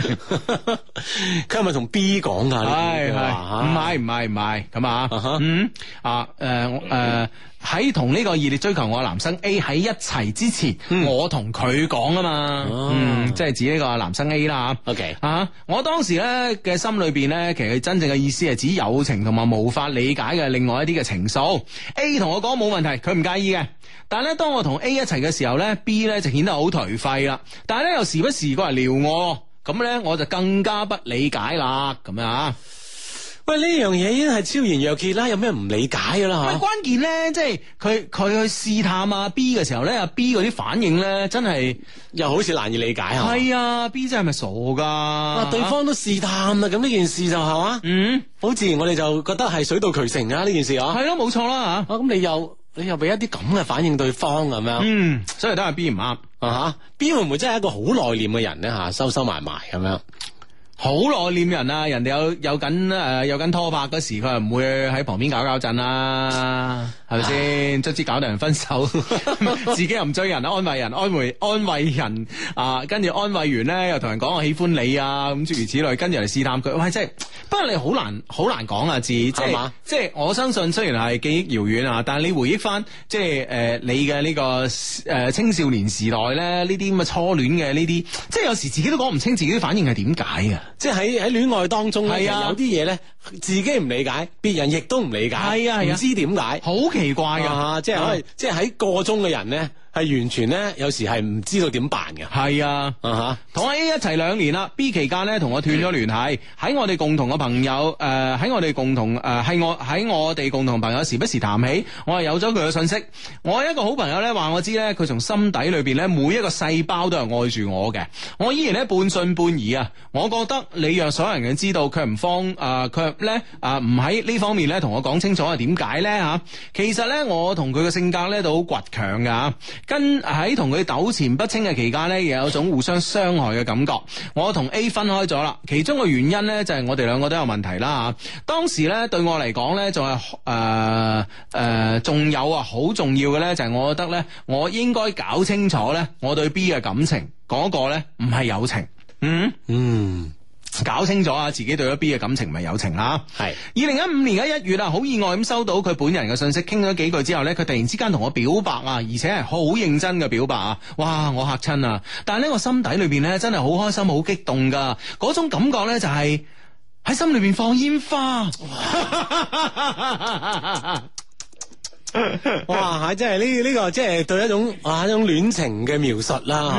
佢係咪同 B 講噶？係，係，唔係唔係唔係咁啊？嗯啊誒誒。呃呃呃喺同呢個熱烈追求我嘅男生 A 喺一齊之前，嗯、我同佢講啊嘛，啊嗯，即係指呢個男生 A 啦。OK，啊，我當時咧嘅心裏邊呢，其實真正嘅意思係指友情同埋無法理解嘅另外一啲嘅情愫。A 同我講冇問題，佢唔介意嘅。但係咧，當我同 A 一齊嘅時候呢 B 呢就顯得好頹廢啦。但係咧又時不時過嚟撩我，咁呢我就更加不理解啦。咁樣啊。喂，呢樣嘢已經係超然若揭啦，有咩唔理解噶啦？喂，關鍵咧，即係佢佢去試探啊 B 嘅時候咧，阿 B 嗰啲反應咧，真係又好似難以理解吓。係啊，B 真係咪傻噶？啊，對方都試探啦，咁呢件事就係嘛？嗯，好自然，我哋就覺得係水到渠成啊，呢件事啊。係咯，冇錯啦吓。咁你又你又俾一啲咁嘅反應對方咁樣。嗯，所以都係 B 唔啱啊吓？B 會唔會真係一個好內斂嘅人咧吓？收收埋埋咁樣。好內斂人啊！人哋有有緊誒、呃、有緊拖拍嗰時，佢又唔會喺旁邊搞搞震啦、啊，係咪先？卒之搞到人分手，自己又唔追人，啊，安慰人，安慰安慰人啊！跟住安慰完咧，又同人講我喜歡你啊！咁諸如此類，跟住嚟試探佢。喂，真係不過你好難好難講啊！自即係嗎即係，我相信雖然係記憶遙遠啊，但係你回憶翻即係誒、呃、你嘅呢、這個誒青、呃、少年時代咧，呢啲咁嘅初戀嘅呢啲，即係有時自己都講唔清自己啲反應係點解啊！即係喺喺戀愛當中係啊，有啲嘢咧自己唔理解，別人亦都唔理解，係啊，唔、啊、知點解，好奇怪噶，吓、啊。即係可能、嗯、即係喺個中嘅人咧。係完全呢，有時係唔知道點辦嘅。係啊，同我、uh huh. A 一齊兩年啦，B 期間呢，同我斷咗聯繫。喺 [LAUGHS] 我哋共同嘅朋友，誒、呃，喺我哋共同誒，係、呃、我喺我哋共同朋友時不時談起，我係有咗佢嘅信息。我一個好朋友呢，話我知呢，佢從心底裏邊呢，每一個細胞都係愛住我嘅。我依然呢，半信半疑啊！我覺得你讓所有人知道，佢唔方誒，佢咧誒唔喺呢、呃、方面呢，同我講清楚係點解呢。吓、啊？其實呢，我同佢嘅性格呢，都好倔強噶。跟喺同佢糾纏不清嘅期間呢，又有種互相傷害嘅感覺。我同 A 分開咗啦，其中個原因呢就係我哋兩個都有問題啦吓。當時呢對我嚟講呢，仲係誒誒，仲、呃呃、有啊好重要嘅呢就係我覺得呢，我應該搞清楚呢，我對 B 嘅感情嗰個呢，唔係友情。嗯嗯。搞清楚啊！自己對咗 B 嘅感情咪友情啦，啊。係二零一五年嘅一月啦，好意外咁收到佢本人嘅信息，傾咗幾句之後咧，佢突然之間同我表白啊，而且係好認真嘅表白啊！哇，我吓親啊！但係呢個心底裏邊咧，真係好開心、好激動噶，嗰種感覺咧就係喺心裏邊放煙花。哇！係真係呢呢個即係對一種啊一種戀情嘅描述啦，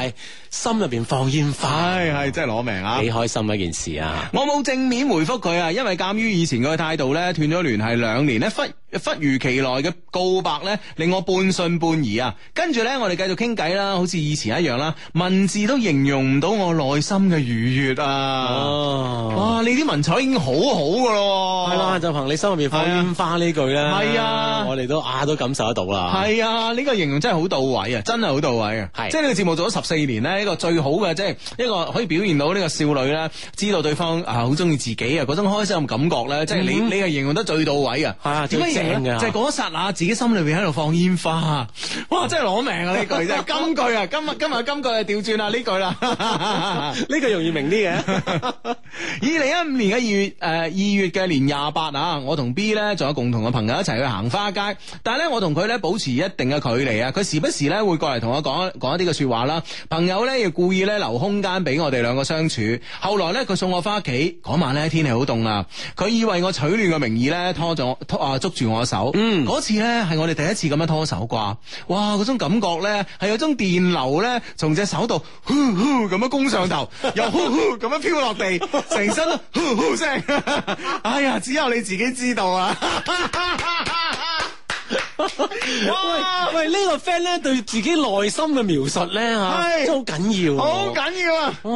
係、嗯心入邊放煙花，係真係攞命啊！幾開心一件事啊！我冇正面回覆佢啊，因為鑑於以前佢嘅態度咧，斷咗聯繫兩年呢，忽忽如其來嘅告白咧，令我半信半疑啊！跟住咧，我哋繼續傾偈啦，好似以前一樣啦，文字都形容唔到我內心嘅愉悅啊！哇，你啲文采已經好好噶咯，係啦，就憑你心入邊放煙花呢句咧，係啊，我哋都啊都感受得到啦，係啊，呢個形容真係好到位啊，真係好到位啊，即係呢個節目做咗十四年咧。一個最好嘅，即係一個可以表現到呢個少女啦，知道對方啊好中意自己啊，嗰種開心感覺咧，即係你你係形容得最到位、嗯、最啊，點正嘅？就嗰一剎那，自己心裏邊喺度放煙花，哇！真係攞命啊！呢句真係 [LAUGHS] 金句啊！今日今日金句啊，調轉啊呢句啦，呢句容易明啲嘅。二零一五年嘅二月誒二月嘅年廿八啊，我同 B 咧仲有共同嘅朋友一齊去行花街，但係咧我同佢咧保持一定嘅距離啊，佢時不時咧會過嚟同我講講一啲嘅說話啦，朋友。咧又故意咧留空間俾我哋兩個相處，後來咧佢送我返屋企，嗰晚咧天氣好凍啊，佢以為我取暖嘅名義咧拖咗，拖啊捉住我手，嗯，嗰次咧係我哋第一次咁樣拖手啩，哇，嗰種感覺咧係有種電流咧從隻手度，呼呼咁樣攻上頭，又呼呼咁樣飄落地，成身，呼呼聲，哎呀，只有你自己知道啊。 [LAUGHS] 喂哇！喂，這個、呢個 friend 咧對自己內心嘅描述咧吓，真係好緊要，好緊要啊！要啊哇，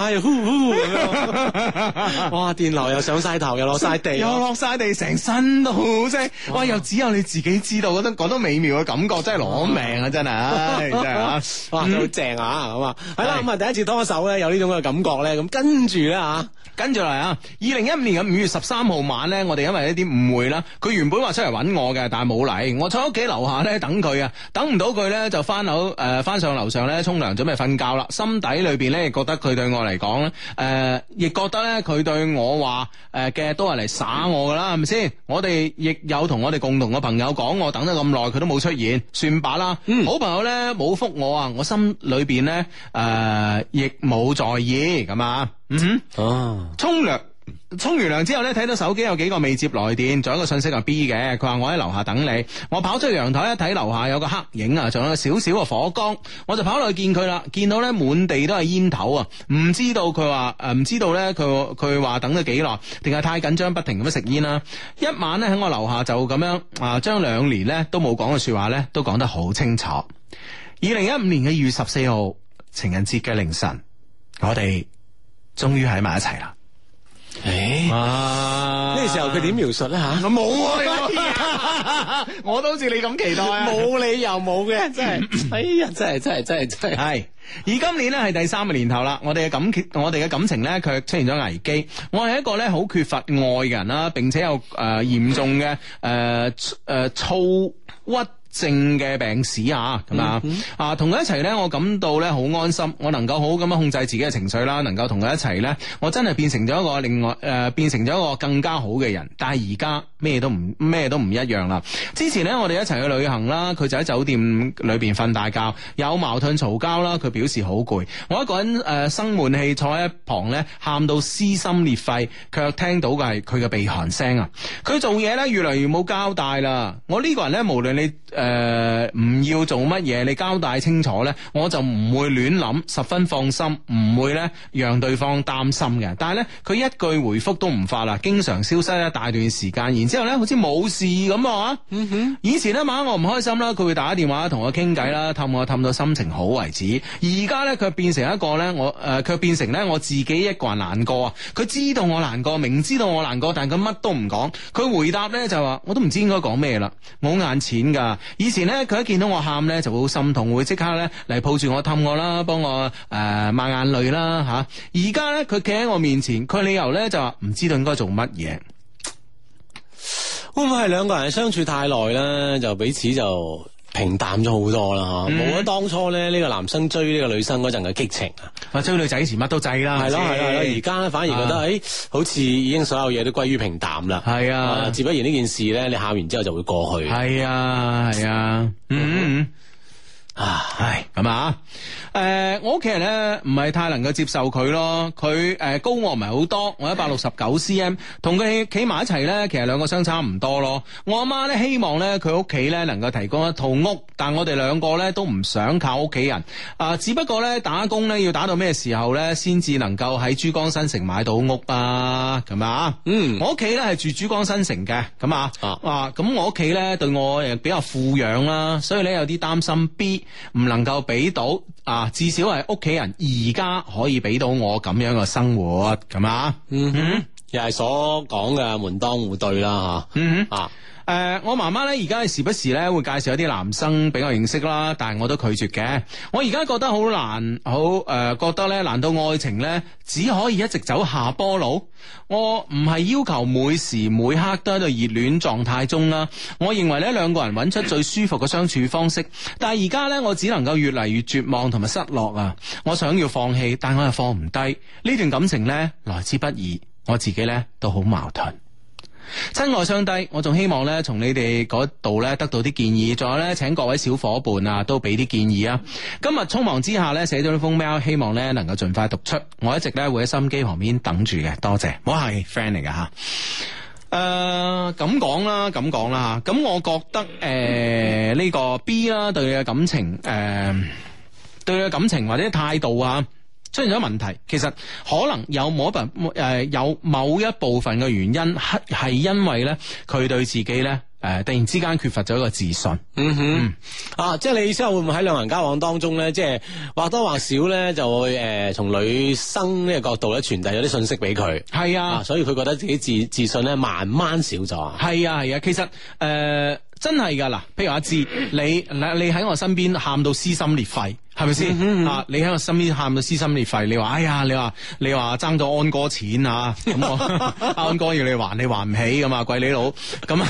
係、哎、呼呼， [LAUGHS] 哇，電流又上晒頭，又落晒地、啊、地，又落晒地，成身都好正。哇，哇，又只有你自己知道，覺得講到美妙嘅感覺，真係攞命啊！真係，真係啊！哇，好正哇啊！咁、嗯、啊，係啦，咁啊是、嗯，第一次拖手咧，有呢種嘅感覺咧，咁跟住咧啊，跟住嚟啊！二零一五年嘅五月十三號晚咧，我哋因為一啲誤會啦，佢原本話出嚟揾我嘅，但係冇嚟。我喺屋企樓下咧等佢啊，等唔到佢咧就翻樓誒，翻上樓上咧沖涼準備瞓覺啦。心底裏邊咧覺得佢對我嚟講咧，誒亦覺得咧佢對我話誒嘅都係嚟耍我噶啦，係咪先？我哋亦有同我哋共同嘅朋友講，我等咗咁耐佢都冇出現，算把啦。嗯，好朋友咧冇覆我啊，我心裏邊咧誒亦冇在意咁啊。嗯哼，哦，沖涼。沖完涼之後咧，睇到手機有幾個未接來電，仲有一個信息係 B 嘅。佢話我喺樓下等你，我跑出陽台一睇樓下有個黑影啊，仲有個少少嘅火光，我就跑落去見佢啦。見到咧滿地都係煙頭啊，唔知道佢話誒，唔知道咧佢佢話等咗幾耐，定係太緊張不停咁樣食煙啦。一晚咧喺我樓下就咁樣啊，將兩年咧都冇講嘅說話咧都講得好清楚。二零一五年嘅二月十四號情人節嘅凌晨，我哋終於喺埋一齊啦。誒，呢個、欸、哇時候佢點描述咧吓？我冇啊，哎、呀 [LAUGHS] 我都好似你咁期待啊，冇理由冇嘅，真係， [LAUGHS] 哎呀，真係 [LAUGHS] 真係真係真係係。而今年咧係第三個年頭啦，我哋嘅感我哋嘅感情咧，卻出現咗危機。我係一個咧好缺乏愛嘅人啦，並且有誒嚴、呃、重嘅誒誒躁鬱。呃醋醋正嘅病史啊，咁、嗯、哼啊，啊同佢一齊咧，我感到咧好安心，我能夠好好咁樣控制自己嘅情緒啦，能夠同佢一齊咧，我真係變成咗一個另外，誒、呃，變成咗一個更加好嘅人，但係而家。咩都唔咩都唔一樣啦。之前咧，我哋一齊去旅行啦，佢就喺酒店裏邊瞓大覺，有矛盾嘈交啦。佢表示好攰，我一個人誒、呃、生悶氣坐喺一旁咧，喊到撕心裂肺，卻聽到嘅係佢嘅鼻鼾聲啊。佢做嘢咧，越嚟越冇交代啦。我呢個人咧，無論你誒唔、呃、要做乜嘢，你交代清楚咧，我就唔會亂諗，十分放心，唔會咧讓對方擔心嘅。但係咧，佢一句回覆都唔發啦，經常消失一大段時間。而且。之後咧，好似冇事咁啊！以前呢，晚我唔開心啦，佢會打電話同我傾偈啦，氹我氹到心情好為止。而家咧，佢變成一個咧，我誒，佢、呃、變成咧我自己一個人難過啊！佢知道我難過，明知道我難過，但佢乜都唔講。佢回答咧就話，我都唔知應該講咩啦，冇眼淺噶。以前咧，佢一見到我喊咧，就會好心痛，會即刻咧嚟抱住我氹我啦，幫我誒、呃、抹眼淚啦吓。而家咧，佢企喺我面前，佢理由咧就話唔知道應該做乜嘢。會唔會係兩個人相處太耐咧，就彼此就平淡咗好多啦？嗬、嗯，冇咗當初咧呢、呢個男生追呢個女生嗰陣嘅激情啊！追女仔時乜都制啦，係咯係咯，而家反而覺得誒、啊哎，好似已經所有嘢都歸於平淡啦。係啊，啊，自不然呢件事咧，你喊完之後就會過去。係啊係啊，嗯。 [LAUGHS] 啊，係咁啊！誒、呃，我屋企人咧唔係太能夠接受佢咯。佢誒、呃、高我唔係好多，我 cm，一百六十九 cm，同佢企埋一齊咧，其實兩個相差唔多咯。我阿媽咧希望咧佢屋企咧能夠提供一套屋，但我哋兩個咧都唔想靠屋企人。啊，只不過咧打工咧要打到咩時候咧，先至能夠喺珠江新城買到屋啊？咁啊？嗯，我屋企咧係住珠江新城嘅，咁啊啊，咁、啊、我屋企咧對我誒比較富養啦，所以咧有啲擔心 B。唔能夠俾到啊！至少係屋企人而家可以俾到我咁樣嘅生活，咁啊，嗯哼，嗯又係所講嘅門當戶對啦，吓，嗯哼，啊。誒、呃，我媽媽咧，而家時不時咧，會介紹一啲男生俾我認識啦，但係我都拒絕嘅。我而家覺得好難，好誒、呃，覺得咧，難道愛情咧，只可以一直走下坡路。我唔係要求每時每刻都喺度熱戀狀態中啦。我認為咧，兩個人揾出最舒服嘅相處方式。但係而家咧，我只能夠越嚟越絕望同埋失落啊！我想要放棄，但我又放唔低。呢段感情咧，來之不易。我自己咧，都好矛盾。親愛相低，我仲希望咧從你哋嗰度咧得到啲建議，仲有咧請各位小伙伴啊都俾啲建議啊！今日匆忙之下咧寫咗封 mail，希望咧能夠盡快讀出，我一直咧會喺心機旁邊等住嘅。多謝，唔好客 friend 嚟嘅吓。誒、呃，咁講啦，咁講啦，咁我覺得誒呢、呃這個 B 啦對你嘅感情，誒、呃、對你嘅感情或者態度啊。出現咗問題，其實可能有某一部分誒，有某一部分嘅原因係係因為咧，佢對自己咧誒、呃，突然之間缺乏咗一個自信。嗯哼，嗯啊，即係你意思會唔會喺兩人交往當中咧，即係或多或少咧，就會誒，從、呃、女生呢個角度咧，傳遞咗啲信息俾佢。係啊，啊，所以佢覺得自己自自信咧，慢慢少咗。係啊，係啊，其實誒。呃真係噶啦，譬如阿志，你你你喺我身邊喊到撕心裂肺，係咪先啊？ [LAUGHS] 你喺我身邊喊到撕心裂肺，你話哎呀，你話你話爭咗安哥錢啊？咁我 [LAUGHS] 安哥要你還，你還唔起噶嘛？鬼你佬。咁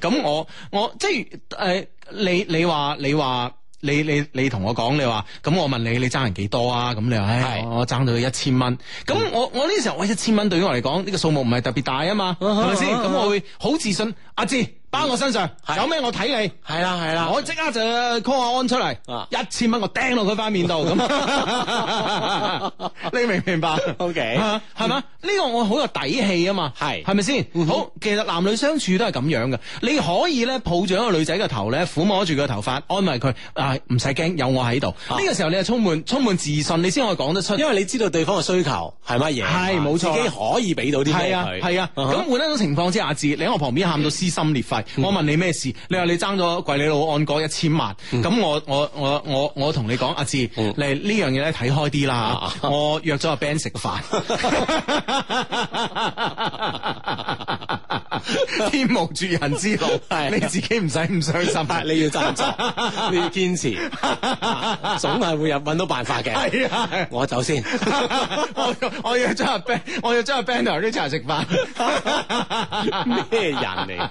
咁 [LAUGHS] [LAUGHS] [LAUGHS] 我我即係誒、呃，你你話你話。你你你同我講你話，咁我問你，你爭人幾多啊？咁你話，唉，是哦、我爭到佢一千蚊。咁我我呢時候，喂，一千蚊對於我嚟講，呢、這個數目唔係特別大啊嘛，係咪先？咁、啊啊、我會好自信，阿、啊、志。啊啊包我身上，有咩我睇你。係啦係啦，我即刻就 call 安出嚟，一千蚊我掟落佢塊面度。咁你明唔明白？OK，係嘛？呢個我好有底氣啊嘛。係，係咪先？好，其實男女相處都係咁樣嘅。你可以咧抱住一個女仔嘅頭咧，撫摸住佢嘅頭髮，安慰佢。啊，唔使驚，有我喺度。呢個時候你係充滿充滿自信，你先可以講得出，因為你知道對方嘅需求係乜嘢，係冇錯，自己可以俾到啲嘢佢。係啊，咁換一種情況之下，字你喺我旁邊喊到撕心裂肺。 [NOISE] 我問你咩事？你話你爭咗貴你老案過一千萬，咁 [NOISE] 我我我我我同你講，阿志 [NOISE] 你呢樣嘢咧睇開啲啦。 [LAUGHS] 我約咗阿 Ben 食飯。 [LAUGHS] [LAUGHS] 天無絕人之路，係你自己唔使唔相信，你要執着，你要堅持， [LAUGHS] 啊、總係會有搵到辦法嘅。係啊的，我先走先， [LAUGHS] 我要將阿 Ben，我要將阿 Ben 同啲人食飯。咩 [LAUGHS] 人嚟？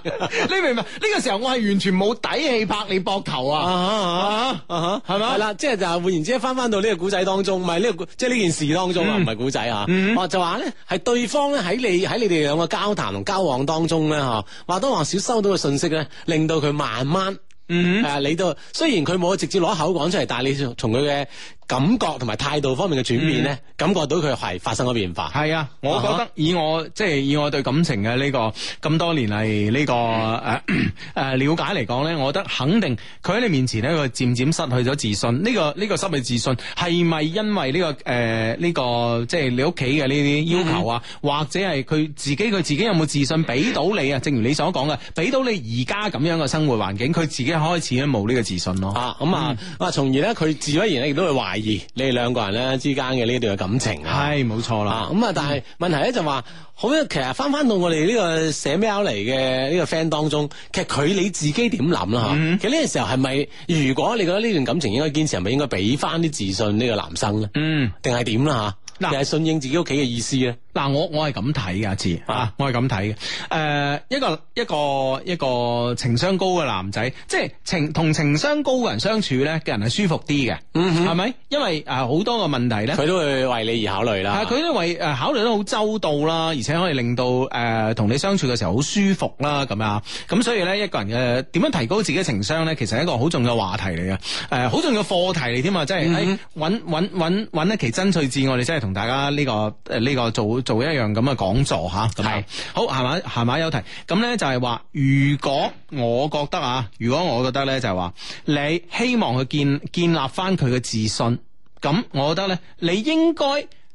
你明唔明？呢、這個時候我係完全冇底氣拍你膊頭啊！啊係咪、啊啊啊？係啦，即係 [LAUGHS] 就係、是、換言之，翻翻到呢個古仔當中，唔係呢個即係呢件事當中、嗯、事啊，唔係古仔啊。我就話咧，係對方咧喺你喺你哋兩個交談同交往當中。咧嗬，或多或少收到嘅信息咧，令到佢慢慢，嗯， [NOISE] 啊，你都雖然佢冇直接攞口講出嚟，但係你從佢嘅。感覺同埋態度方面嘅轉變咧，嗯、感覺到佢係發生咗變化。係啊，我覺得、啊、以我即係、就是、以我對感情嘅呢、這個咁多年嚟呢、這個誒誒、嗯啊、了解嚟講咧，我覺得肯定佢喺你面前咧，佢漸漸失去咗自信。呢、這個呢、這個失去自信係咪因為呢、這個誒呢、呃這個即係、就是、你屋企嘅呢啲要求啊，或者係佢自己佢自己有冇自信俾到你啊？正如你所講嘅，俾到你而家咁樣嘅生活環境，佢自己開始咧冇呢個自信咯。啊，咁、嗯、啊，啊，從而咧佢自然而然咧亦都會懷疑。二，你哋兩個人咧之間嘅呢段嘅感情啊，係冇錯啦。咁啊，但係問題咧就話、是，嗯、好，其實翻翻到我哋呢個寫 mail 嚟嘅呢個 friend 當中，其實佢你自己點諗啦？嚇、啊，嗯、其實呢個時候係咪，如果你覺得呢段感情應該堅持，係咪應該俾翻啲自信呢個男生咧？嗯，定係點啦？嚇、啊，定係順應自己屋企嘅意思咧？嗱，我我係咁睇嘅阿志，啊，我係咁睇嘅，誒、呃，一個一個一個情商高嘅男仔，即係情同情商高嘅人相處咧嘅人係舒服啲嘅，係咪、嗯哼？因為誒好、呃、多嘅問題咧，佢都會為你而考慮啦，係佢、啊、都為誒、呃、考慮得好周到啦，而且可以令到誒同、呃、你相處嘅時候好舒服啦，咁啊，咁所以咧，一個人誒點樣提高自己嘅情商咧，其實係一個好重要嘅話題嚟嘅，誒、呃，好重要嘅課題嚟添啊，即係喺搵搵搵搵一期真趣字，我哋真係同大家呢、這個誒呢、這個這個做。做一樣咁嘅講座吓，咁係是好係咪？係咪有提，咁咧就係話，如果我覺得啊，如果我覺得咧，就係話你希望佢建建立翻佢嘅自信，咁我覺得咧，你應該。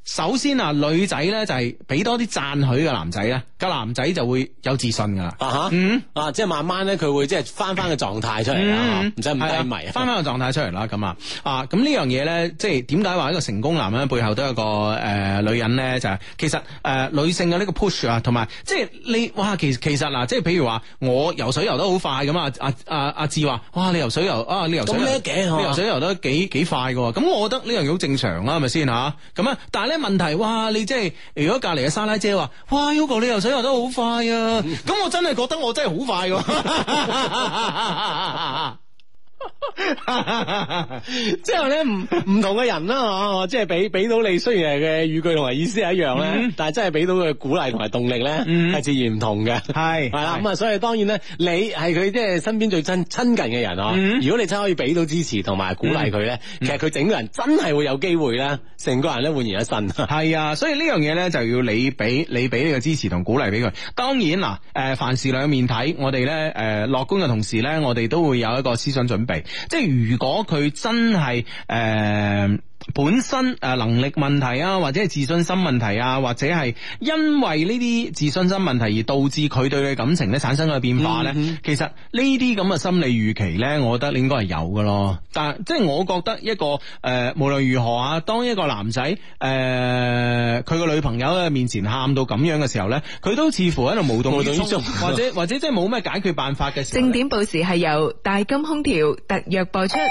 首先啊，女仔咧就係俾多啲讚許嘅男仔咧，個男仔就會有自信噶啦。啊哈，嗯、啊，即係慢慢咧，佢會即係翻翻個狀態出嚟啦。唔使唔低迷，啊、翻翻個狀態出嚟啦。咁啊，啊，咁呢樣嘢咧，即係點解話一個成功男人背後都有個誒、呃、女人咧？就係、是、其實誒、呃、女性嘅呢個 push 啊，同埋即係你哇，其實其實啊，即係譬如話我游水游得好快咁啊阿啊啊志話、啊啊啊、哇，你游水游啊，你游水幾、啊、你游水游得幾幾快嘅，咁、啊啊啊、我覺得呢樣嘢好正常啊，係咪先吓？咁啊，啊啊但係咧。問題，哇！你即係如果隔籬嘅沙拉姐話，哇！Hugo，你游水游得好快啊？咁 [LAUGHS] 我真係覺得我真係好快㗎、啊。 [LAUGHS] [LAUGHS] 即係咧，唔唔同嘅人啦，哦、啊，即係俾俾到你，雖然嘅語句同埋意思係一樣咧，嗯、但係真係俾到佢鼓勵同埋動力咧，係、嗯、自然唔同嘅。係係啦，咁啊、嗯，所以當然咧，你係佢即係身邊最親親近嘅人啊。如果你真可以俾到支持同埋鼓勵佢咧，嗯、其實佢整個人真係會有機會咧，成個人咧煥然一新。係、嗯、啊，所以呢樣嘢咧就要你俾你俾呢個支持同鼓勵俾佢。當然啦，誒、呃，凡事兩面睇，我哋咧誒，樂觀嘅同時咧，我哋都會有一個思想準，準。即係如果佢真係誒。呃本身誒、呃、能力問題啊，或者係自信心問題啊，或者係因為呢啲自信心問題而導致佢對佢感情咧產生咗變化咧，嗯、哼其實呢啲咁嘅心理預期咧，我覺得應該係有噶咯。但即係我覺得一個誒、呃、無論如何啊，當一個男仔誒佢個女朋友嘅面前喊到咁樣嘅時候咧，佢都似乎喺度無動於衷、嗯、哼或者或者即係冇咩解決辦法嘅時候。正點報時係由大金空調特約播出。呃